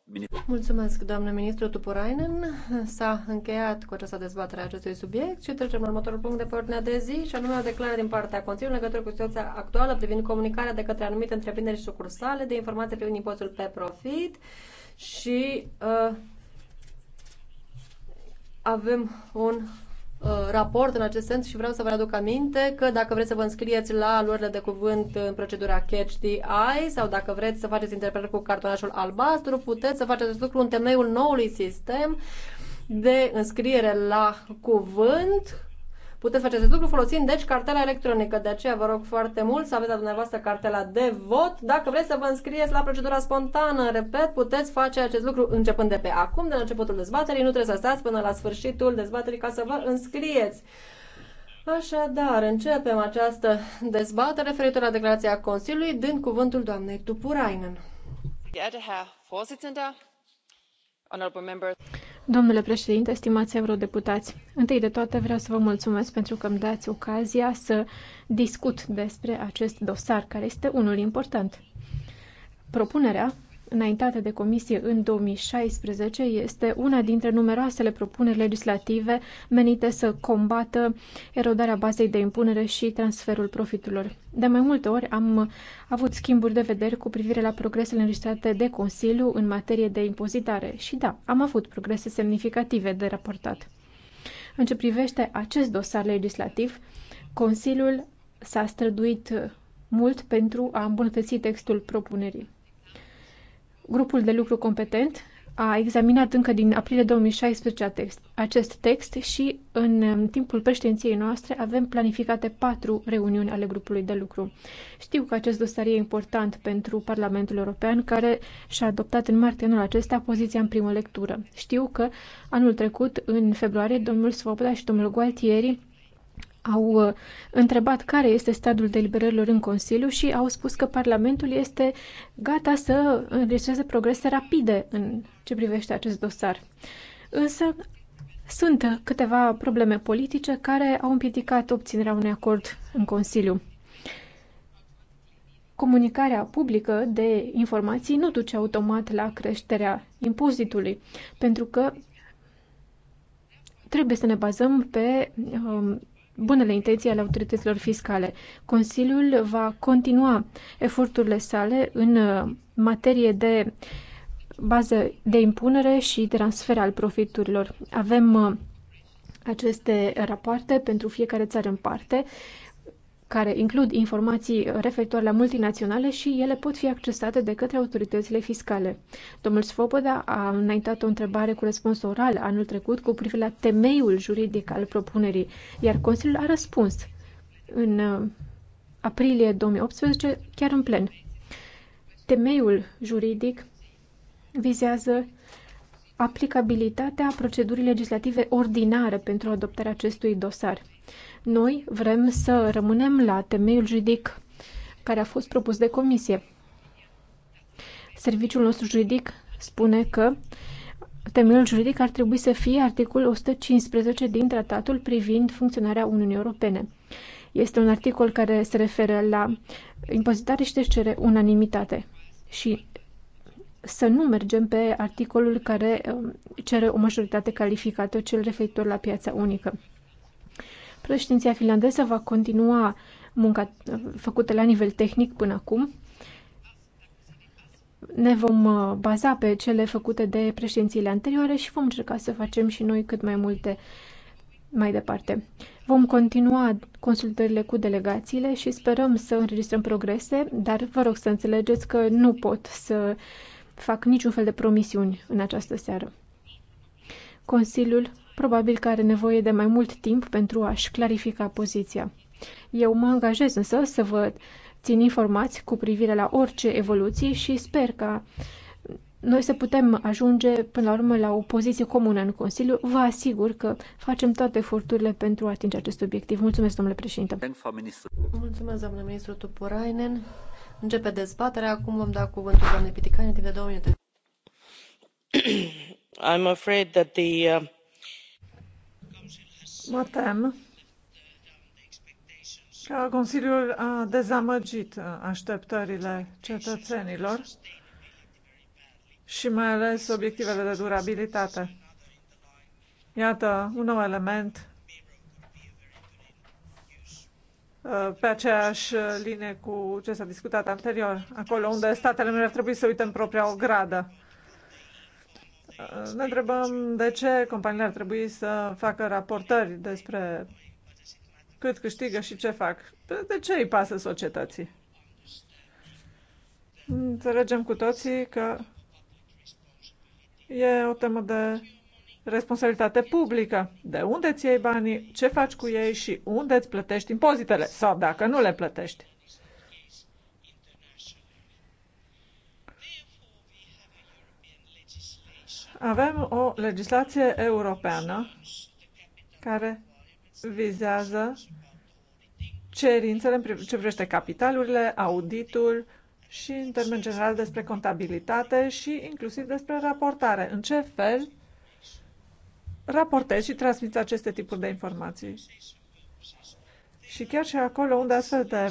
Mulțumesc, doamnă ministru Tupurainen. S-a încheiat cu această dezbatere a acestui subiect și trecem la următorul punct de pe ordinea de zi și anume o declarare din partea Consiliului în legătură cu situația actuală privind comunicarea de către anumite întreprinderi și sucursale de informații privind impozitul pe profit și uh, avem un Uh, raport în acest sens și vreau să vă aduc aminte că dacă vreți să vă înscrieți la luările de cuvânt în procedura Catch the Eye sau dacă vreți să faceți interpretări cu cartonașul albastru, puteți să faceți acest lucru în temeiul noului sistem de înscriere la cuvânt Puteți face acest lucru folosind, deci, cartela electronică. De aceea vă rog foarte mult să aveți la dumneavoastră cartela de vot. Dacă vreți să vă înscrieți la procedura spontană, repet, puteți face acest lucru începând de pe acum, de la începutul dezbaterii. Nu trebuie să stați până la sfârșitul dezbaterii ca să vă înscrieți. Așadar, începem această dezbatere referitoare la declarația Consiliului, dând cuvântul doamnei Tupurainen. Herr Vorsitzender, honorable members. Domnule președinte, stimați eurodeputați, întâi de toate vreau să vă mulțumesc pentru că îmi dați ocazia să discut despre acest dosar, care este unul important. Propunerea înaintată de comisie în 2016 este una dintre numeroasele propuneri legislative menite să combată erodarea bazei de impunere și transferul profiturilor. De mai multe ori am avut schimburi de vederi cu privire la progresele înregistrate de Consiliu în materie de impozitare și da, am avut progrese semnificative de raportat. În ce privește acest dosar legislativ, Consiliul s-a străduit mult pentru a îmbunătăți textul propunerii. Grupul de lucru competent a examinat încă din aprilie 2016 text, acest text și în timpul președinției noastre avem planificate patru reuniuni ale grupului de lucru. Știu că acest dosar e important pentru Parlamentul European, care și-a adoptat în martie anul acesta poziția în primă lectură. Știu că anul trecut, în februarie, domnul Svoboda și domnul Gualtieri au uh, întrebat care este stadiul deliberărilor în Consiliu și au spus că Parlamentul este gata să înregistreze progrese rapide în ce privește acest dosar. Însă sunt câteva probleme politice care au împiedicat obținerea unui acord în Consiliu. Comunicarea publică de informații nu duce automat la creșterea impozitului, pentru că trebuie să ne bazăm pe um, bunele intenții ale autorităților fiscale. Consiliul va continua eforturile sale în uh, materie de bază de impunere și transfer al profiturilor. Avem uh, aceste rapoarte pentru fiecare țară în parte care includ informații referitoare la multinaționale și ele pot fi accesate de către autoritățile fiscale. Domnul Svoboda a înaintat o întrebare cu răspuns oral anul trecut cu privire la temeiul juridic al propunerii, iar Consiliul a răspuns în uh, aprilie 2018, chiar în plen. Temeiul juridic vizează aplicabilitatea procedurii legislative ordinare pentru adoptarea acestui dosar. Noi vrem să rămânem la temeiul juridic care a fost propus de comisie. Serviciul nostru juridic spune că temeiul juridic ar trebui să fie articolul 115 din tratatul privind funcționarea Uniunii Europene. Este un articol care se referă la impozitare și cere unanimitate. Și să nu mergem pe articolul care um, cere o majoritate calificată, cel referitor la piața unică. Președinția finlandeză va continua munca făcută la nivel tehnic până acum. Ne vom uh, baza pe cele făcute de președințiile anterioare și vom încerca să facem și noi cât mai multe mai departe. Vom continua consultările cu delegațiile și sperăm să înregistrăm progrese, dar vă rog să înțelegeți că nu pot să fac niciun fel de promisiuni în această seară. Consiliul Probabil că are nevoie de mai mult timp pentru a-și clarifica poziția. Eu mă angajez însă să vă țin informați cu privire la orice evoluție și sper că noi să putem ajunge până la urmă la o poziție comună în Consiliu. Vă asigur că facem toate eforturile pentru a atinge acest obiectiv. Mulțumesc, domnule președinte. Mulțumesc, domnule ministru Tupurainen. Începe dezbaterea. Acum vom da cuvântul doamnei Piticani timp de două minute. <coughs> I'm afraid that the uh Mă tem că Consiliul a dezamăgit așteptările cetățenilor și mai ales obiectivele de durabilitate. Iată un nou element uh, pe aceeași linie cu ce s-a discutat anterior, acolo unde statele membre ar trebui să uităm propria ogradă. Uh, ne întrebăm de ce companiile ar trebui să facă raportări despre cât câștigă și ce fac. De ce îi pasă societății? Înțelegem cu toții că e o temă de responsabilitate publică. De unde îți iei banii, ce faci cu ei și unde îți plătești impozitele sau dacă nu le plătești. Avem o legislație europeană care vizează cerințele în ce privește capitalurile, auditul și, în termen general, despre contabilitate și inclusiv despre raportare. În ce fel raportezi și transmiți aceste tipuri de informații? Și chiar și acolo unde astfel de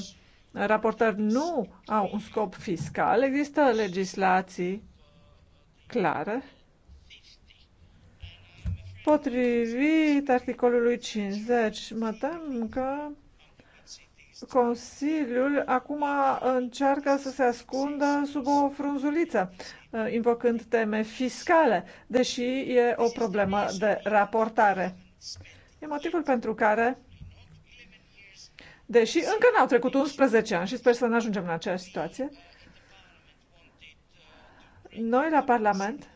raportări nu au un scop fiscal, există legislații clare Potrivit articolului 50, mă tem că Consiliul acum încearcă să se ascundă sub o frunzuliță, eh, invocând teme fiscale, deși e o problemă de raportare. E motivul pentru care, deși încă n-au trecut 11 ani și sper să nu ajungem în aceeași situație, noi la Parlament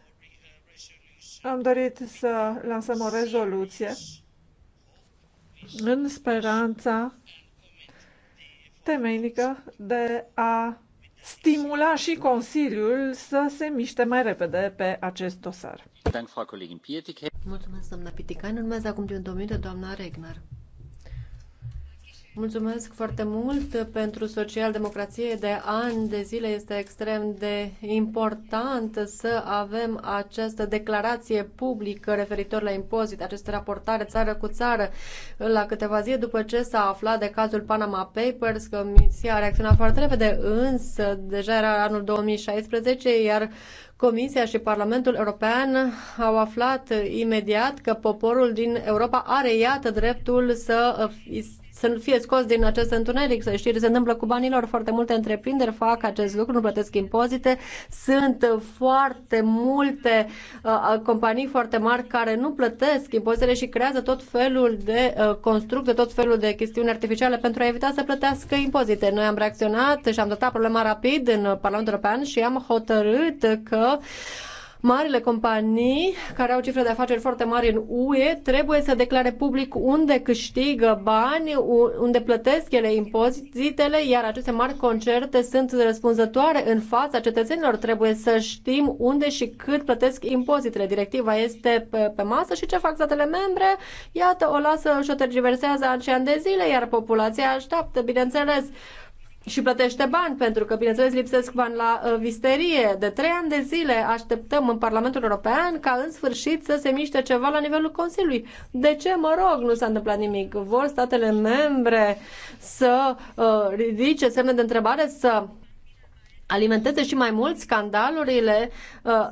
am dorit să lansăm o rezoluție în speranța temeinică de a stimula și Consiliul să se miște mai repede pe acest dosar. Mulțumesc, doamna Pitican. Urmează acum de un minute, doamna Regner. Mulțumesc foarte mult pentru socialdemocrație. De ani de zile este extrem de important să avem această declarație publică referitor la impozit, această raportare țară cu țară. La câteva zile după ce s-a aflat de cazul Panama Papers, Comisia a reacționat foarte repede, însă deja era anul 2016, iar Comisia și Parlamentul European au aflat imediat că poporul din Europa are, iată, dreptul să să nu fie scos din acest întuneric, să știi, se întâmplă cu banilor. Foarte multe întreprinderi fac acest lucru, nu plătesc impozite. Sunt foarte multe uh, companii foarte mari care nu plătesc impozitele și creează tot felul de uh, constructe, tot felul de chestiuni artificiale pentru a evita să plătească impozite. Noi am reacționat și am dat problema rapid în Parlamentul European și am hotărât că uh, Marile companii care au cifre de afaceri foarte mari în UE trebuie să declare public unde câștigă bani, unde plătesc ele impozitele, iar aceste mari concerte sunt răspunzătoare în fața cetățenilor. Trebuie să știm unde și cât plătesc impozitele. Directiva este pe, pe masă și ce fac statele membre? Iată, o lasă și o tergiversează ani și ani de zile, iar populația așteaptă, bineînțeles, și plătește bani, pentru că, bineînțeles, lipsesc bani la uh, visterie. De trei ani de zile așteptăm în Parlamentul European ca, în sfârșit, să se miște ceva la nivelul Consiliului. De ce, mă rog, nu s-a întâmplat nimic? Vor statele membre să uh, ridice semne de întrebare, să alimenteze și mai mult scandalurile uh,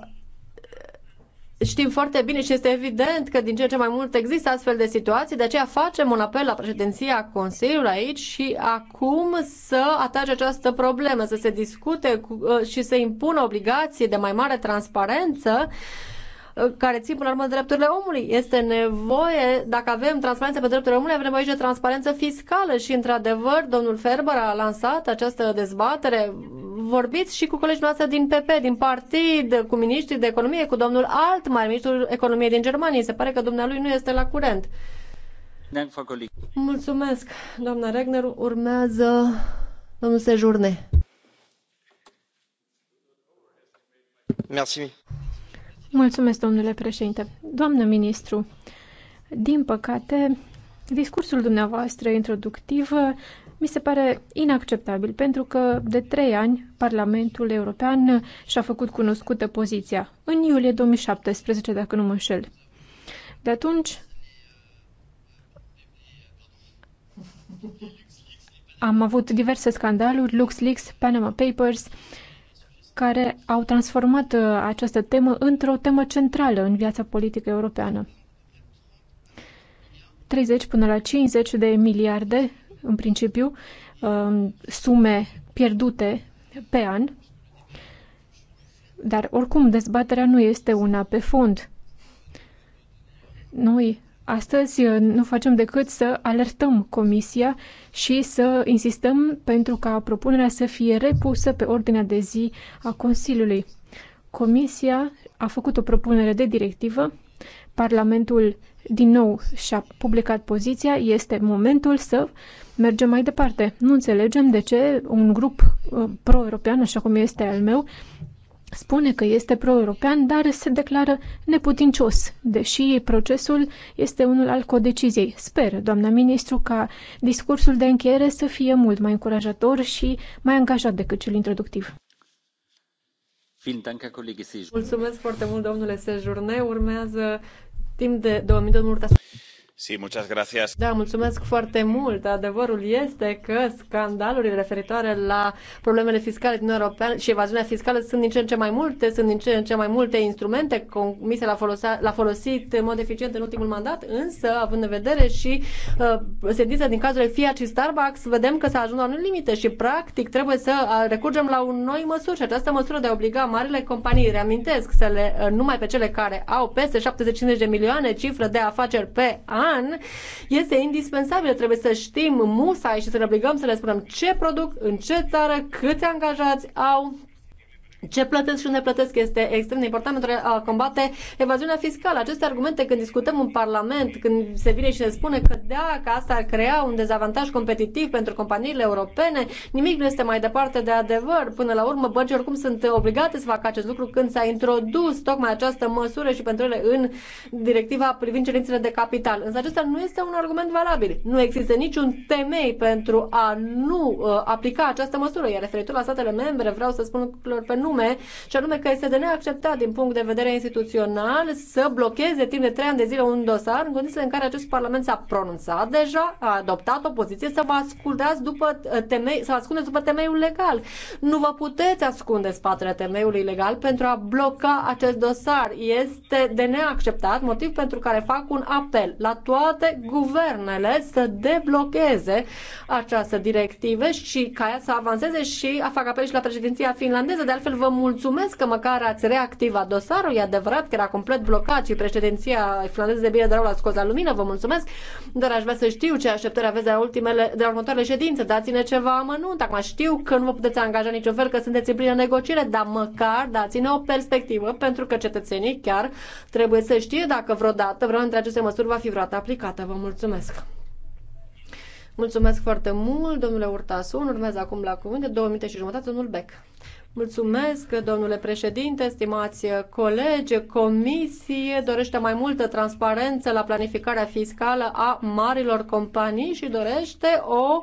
Știm foarte bine și este evident că din ce în ce mai mult există astfel de situații, de aceea facem un apel la președinția Consiliului aici și acum să atace această problemă, să se discute cu, uh, și să impună obligații de mai mare transparență Uh, care țin până la urmă drepturile omului. Este nevoie, dacă avem transparență pe drepturile omului, avem nevoie de transparență fiscală și, într-adevăr, domnul Ferber a lansat această dezbatere. Vorbiți și cu colegii noastre din PP, din partid, cu ministrii de economie, cu domnul Altmaier, ministrul economiei din Germania. Se pare că dumnealui nu este la curent. Mulțumesc, doamna Regner. Urmează domnul Sejurne. Mulțumesc. Mulțumesc, domnule președinte. Doamnă ministru, din păcate, discursul dumneavoastră introductiv uh, mi se pare inacceptabil, pentru că de trei ani Parlamentul European uh, și-a făcut cunoscută poziția, în iulie 2017, dacă nu mă înșel. De atunci am avut diverse scandaluri, LuxLeaks, Panama Papers, uh, care au transformat uh, această temă într-o temă centrală în viața politică europeană. 30 până la 50 de miliarde, în principiu, um, sume pierdute pe an, dar oricum dezbaterea nu este una pe fond. Noi Astăzi uh, nu facem decât să alertăm Comisia și să insistăm pentru ca propunerea să fie repusă pe ordinea de zi a Consiliului. Comisia a făcut o propunere de directivă, Parlamentul din nou și-a publicat poziția, este momentul să mergem mai departe. Nu înțelegem de ce un grup uh, pro-european, așa cum este al meu, spune că este pro-european, dar se declară neputincios, deși procesul este unul al codeciziei. Sper, doamna ministru, ca discursul de încheiere să fie mult mai încurajator și mai angajat decât cel introductiv. Mulțumesc foarte mult, domnule Sejurne. Urmează timp de două minute. Sí, muchas gracias. Da, mulțumesc foarte mult. Adevărul este că scandalurile referitoare la problemele fiscale din European și evaziunea fiscală sunt din ce în ce mai multe, sunt din ce în ce mai multe instrumente comise la, folosa, la folosit în mod eficient în ultimul mandat, însă, având în vedere și uh, sentința din cazurile Fiat și Starbucks, vedem că s-a ajuns la un limite și, practic, trebuie să uh, recurgem la un noi măsuri și această măsură de a obliga marile companii, reamintesc, să le, uh, numai pe cele care au peste 75 de milioane cifră de afaceri pe an, an, este indispensabil, Trebuie să știm musai și să ne obligăm să le spunem ce produc, în ce țară, câți angajați au, ce plătesc și unde plătesc este extrem de important pentru a combate evaziunea fiscală. Aceste argumente, când discutăm în Parlament, când se vine și se spune că dacă asta ar crea un dezavantaj competitiv pentru companiile europene, nimic nu este mai departe de adevăr. Până la urmă, băncile oricum sunt obligate să facă acest lucru când s-a introdus tocmai această măsură și pentru ele în directiva privind cerințele de capital. Însă acesta nu este un argument valabil. Nu există niciun temei pentru a nu uh, aplica această măsură. Iar referitor la statele membre, vreau să spun pe nu anume, și anume că este de neacceptat din punct de vedere instituțional să blocheze timp de trei ani de zile un dosar în condițiile în care acest Parlament s-a pronunțat deja, a adoptat o poziție să vă ascundeți după uh, temei, să vă ascundeți după temeiul legal. Nu vă puteți ascunde spatele temeiului legal pentru a bloca acest dosar. Este de neacceptat, motiv pentru care fac un apel la toate guvernele să deblocheze această directivă și ca ea să avanseze și a fac apel și la președinția finlandeză. De altfel, vă mulțumesc că măcar ați reactivat dosarul. E adevărat că era complet blocat și președinția finlandeză de bine de rău l-a scos la lumină. Vă mulțumesc, dar aș vrea să știu ce așteptări aveți de la, ultimele, de la următoarele ședințe. Dați-ne ceva amănunt. Acum știu că nu vă puteți angaja niciun fel, că sunteți în plină negociere, dar măcar dați-ne o perspectivă, pentru că cetățenii chiar trebuie să știe dacă vreodată vreuna dintre aceste măsuri va fi vreodată aplicată. Vă mulțumesc! Mulțumesc foarte mult, domnule Urtasun. Urmează acum la cuvânt de două minute și jumătate, domnul Beck. Mulțumesc, domnule președinte, stimați colegi. Comisie dorește mai multă transparență la planificarea fiscală a marilor companii și dorește o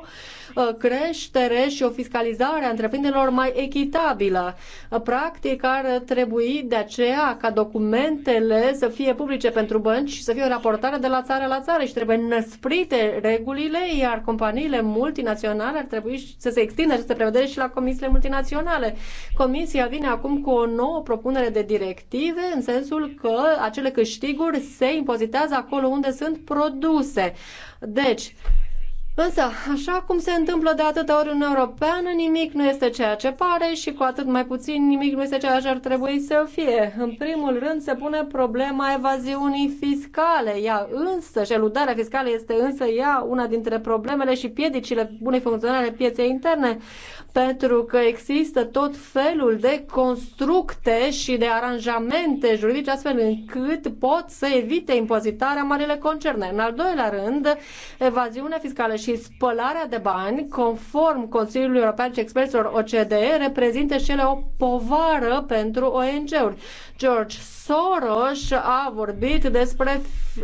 uh, creștere și o fiscalizare a întreprinderilor mai echitabilă. Practic ar trebui de aceea ca documentele să fie publice pentru bănci și să fie o raportare de la țară la țară și trebuie năsprite regulile, iar companiile multinaționale ar trebui să se extindă aceste prevederi și la comisiile multinaționale. Comisia vine acum cu o nouă propunere de directive în sensul că acele câștiguri se impozitează acolo unde sunt produse. Deci, Însă, așa cum se întâmplă de atâtea ori în Europeană, nimic nu este ceea ce pare și cu atât mai puțin nimic nu este ceea ce ar trebui să fie. În primul rând se pune problema evaziunii fiscale. Ea însă, și eludarea fiscală este însă ea una dintre problemele și piedicile bunei funcționare pieței interne pentru că există tot felul de constructe și de aranjamente juridice astfel încât pot să evite impozitarea marile concerne. În al doilea rând, evaziunea fiscală și spălarea de bani, conform Consiliului European și experților OCDE, reprezintă și ele o povară pentru ONG-uri. George Soros a vorbit despre,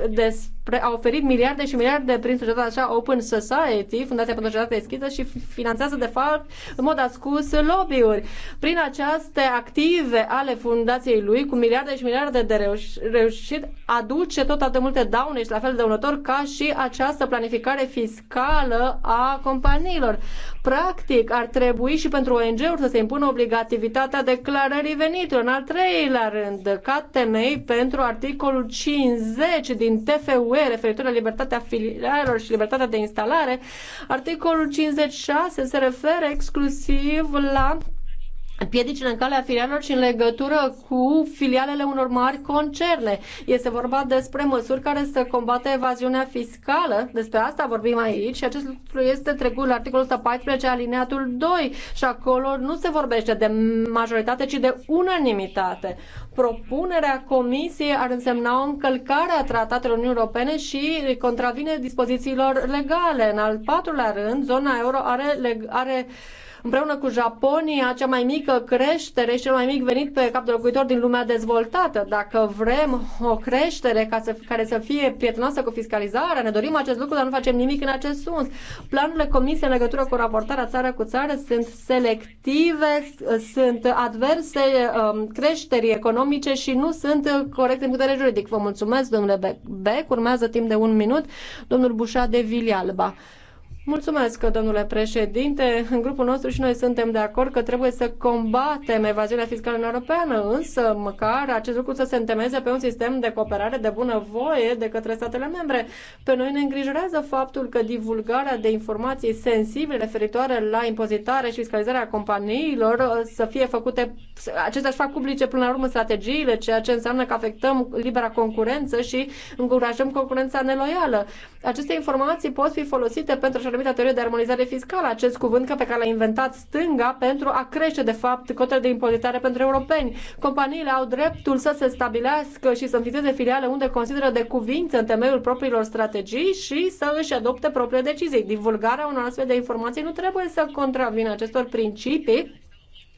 despre a oferit miliarde și miliarde prin societatea așa Open Society, Fundația pentru Societatea Deschisă și finanțează de fapt în mod ascuns lobby-uri. Prin aceste active ale fundației lui, cu miliarde și miliarde de reuș- reușit, aduce tot atât de multe daune și la fel de unător ca și această planificare fiscală a companiilor. Practic, ar trebui și pentru ONG-uri să se impună obligativitatea declarării veniturilor. În al treilea rând, ca temei pentru articolul 50 din TFU UE referitor la libertatea filialelor și libertatea de instalare, articolul 56 se referă exclusiv la piedicile în calea filialelor și în legătură cu filialele unor mari concerne. Este vorba despre măsuri care să combată evaziunea fiscală, despre asta vorbim aici și acest lucru este trecut la articolul 114 alineatul 2 și acolo nu se vorbește de majoritate, ci de unanimitate. Propunerea comisiei ar însemna o încălcare a tratatelor Uniunii Europene și contravine dispozițiilor legale. În al patrulea rând, zona euro are, are Împreună cu Japonia, cea mai mică creștere și cel mai mic venit pe cap de locuitor din lumea dezvoltată. Dacă vrem o creștere ca să, care să fie prietenoasă cu fiscalizarea, ne dorim acest lucru, dar nu facem nimic în acest sens. Planurile Comisiei în legătură cu raportarea țară cu țară sunt selective, sunt adverse um, creșterii economice și nu sunt corecte în putere juridic. Vă mulțumesc, domnule Beck. Urmează timp de un minut domnul Bușa de Vilialba. Mulțumesc, domnule președinte. În grupul nostru și noi suntem de acord că trebuie să combatem evaziunea fiscală în europeană, însă măcar acest lucru să se întemeze pe un sistem de cooperare de bunăvoie de către statele membre. Pe noi ne îngrijorează faptul că divulgarea de informații sensibile referitoare la impozitare și fiscalizarea companiilor uh, să fie făcute, acestea își fac publice până la urmă strategiile, ceea ce înseamnă că afectăm libera concurență și încurajăm concurența neloială. Aceste informații pot fi folosite pentru a numită teorie de armonizare fiscală, acest cuvânt pe care l-a inventat stânga pentru a crește, de fapt, cotele de impozitare pentru europeni. Companiile au dreptul să se stabilească și să înființeze filiale unde consideră de cuvință în temeiul propriilor strategii și să își adopte propriile decizii. Divulgarea unor astfel de informații nu trebuie să contravină acestor principii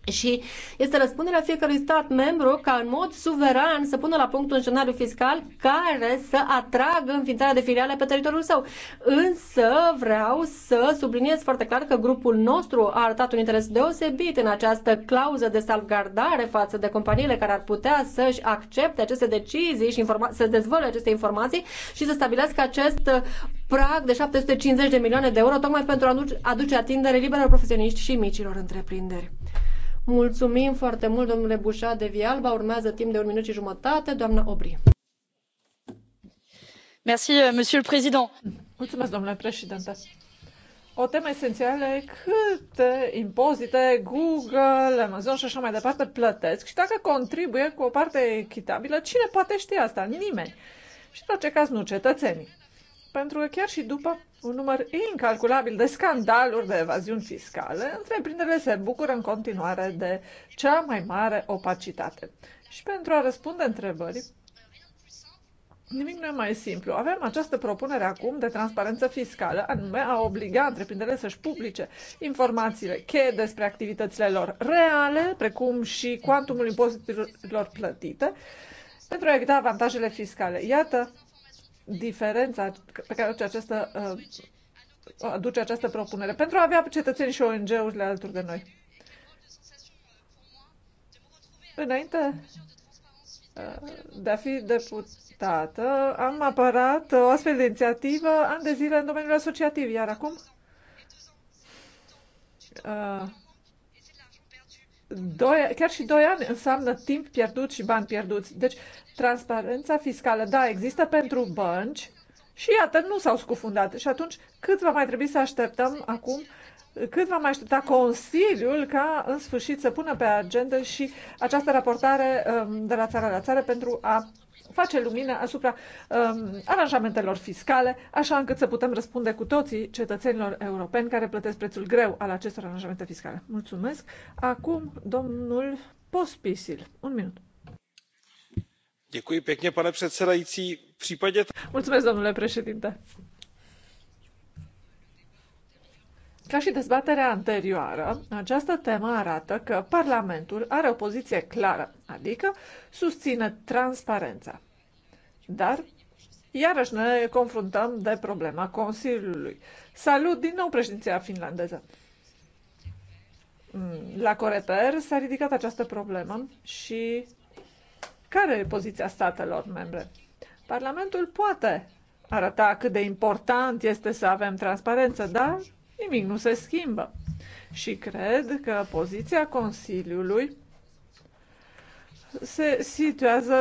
și este răspunderea fiecărui stat membru ca în mod suveran să pună la punct un scenariu fiscal care să atragă înființarea de filiale pe teritoriul său. Însă vreau să subliniez foarte clar că grupul nostru a arătat un interes deosebit în această clauză de salvgardare față de companiile care ar putea să-și accepte aceste decizii și să dezvăluie aceste informații și să stabilească acest uh, prag de 750 de milioane de euro tocmai pentru a aduce atingere liberă profesioniști și micilor întreprinderi. Mulțumim foarte mult, domnule Bușa de Vialba. Urmează timp de un minut și jumătate, doamna Obri. Merci, euh, monsieur le président. Mulțumesc, domnule președinte o temă esențială câte impozite Google, Amazon și așa mai departe plătesc și dacă contribuie cu o parte echitabilă, cine poate ști asta? Nimeni. Și în orice caz nu cetățenii. Pentru că chiar și după un număr incalculabil de scandaluri de evaziuni fiscale, întreprinderile se bucură în continuare de cea mai mare opacitate. Și pentru a răspunde întrebării, Nimic nu e mai simplu. Avem această propunere acum de transparență fiscală, anume a obliga întreprinderile să-și publice informațiile cheie despre activitățile lor reale, precum și cuantumul impozitelor plătite, pentru a evita avantajele fiscale. Iată diferența pe care aduce această, uh, aduce această propunere, pentru a avea cetățenii și ONG-urile alături de noi. Înainte uh, de a fi deputată, am apărat o astfel de inițiativă ani de zile în domeniul asociativ, iar acum uh, doi, chiar și doi ani înseamnă timp pierdut și bani pierduți. Deci Transparența fiscală, da, există pentru bănci și iată, nu s-au scufundat. Și atunci, cât va mai trebui să așteptăm acum cât va mai aștepta Consiliul ca în sfârșit să pună pe agenda și această raportare um, de la țară la țară pentru a face lumină asupra um, aranjamentelor fiscale, așa încât să putem răspunde cu toții cetățenilor europeni care plătesc prețul greu al acestor aranjamente fiscale. Mulțumesc. Acum, domnul Pospisil. Un minut pane předsedající domnule președinte ca și dezbaterea anterioară această temă arată că parlamentul are o poziție clară adică susține transparența dar iarăși ne confruntăm de problema consiliului. salut din nou președinția finlandeză. Mm, la Coreper s-a ridicat această problemă și care e poziția statelor membre? Parlamentul poate arăta cât de important este să avem transparență, dar nimic nu se schimbă. Și cred că poziția Consiliului se situează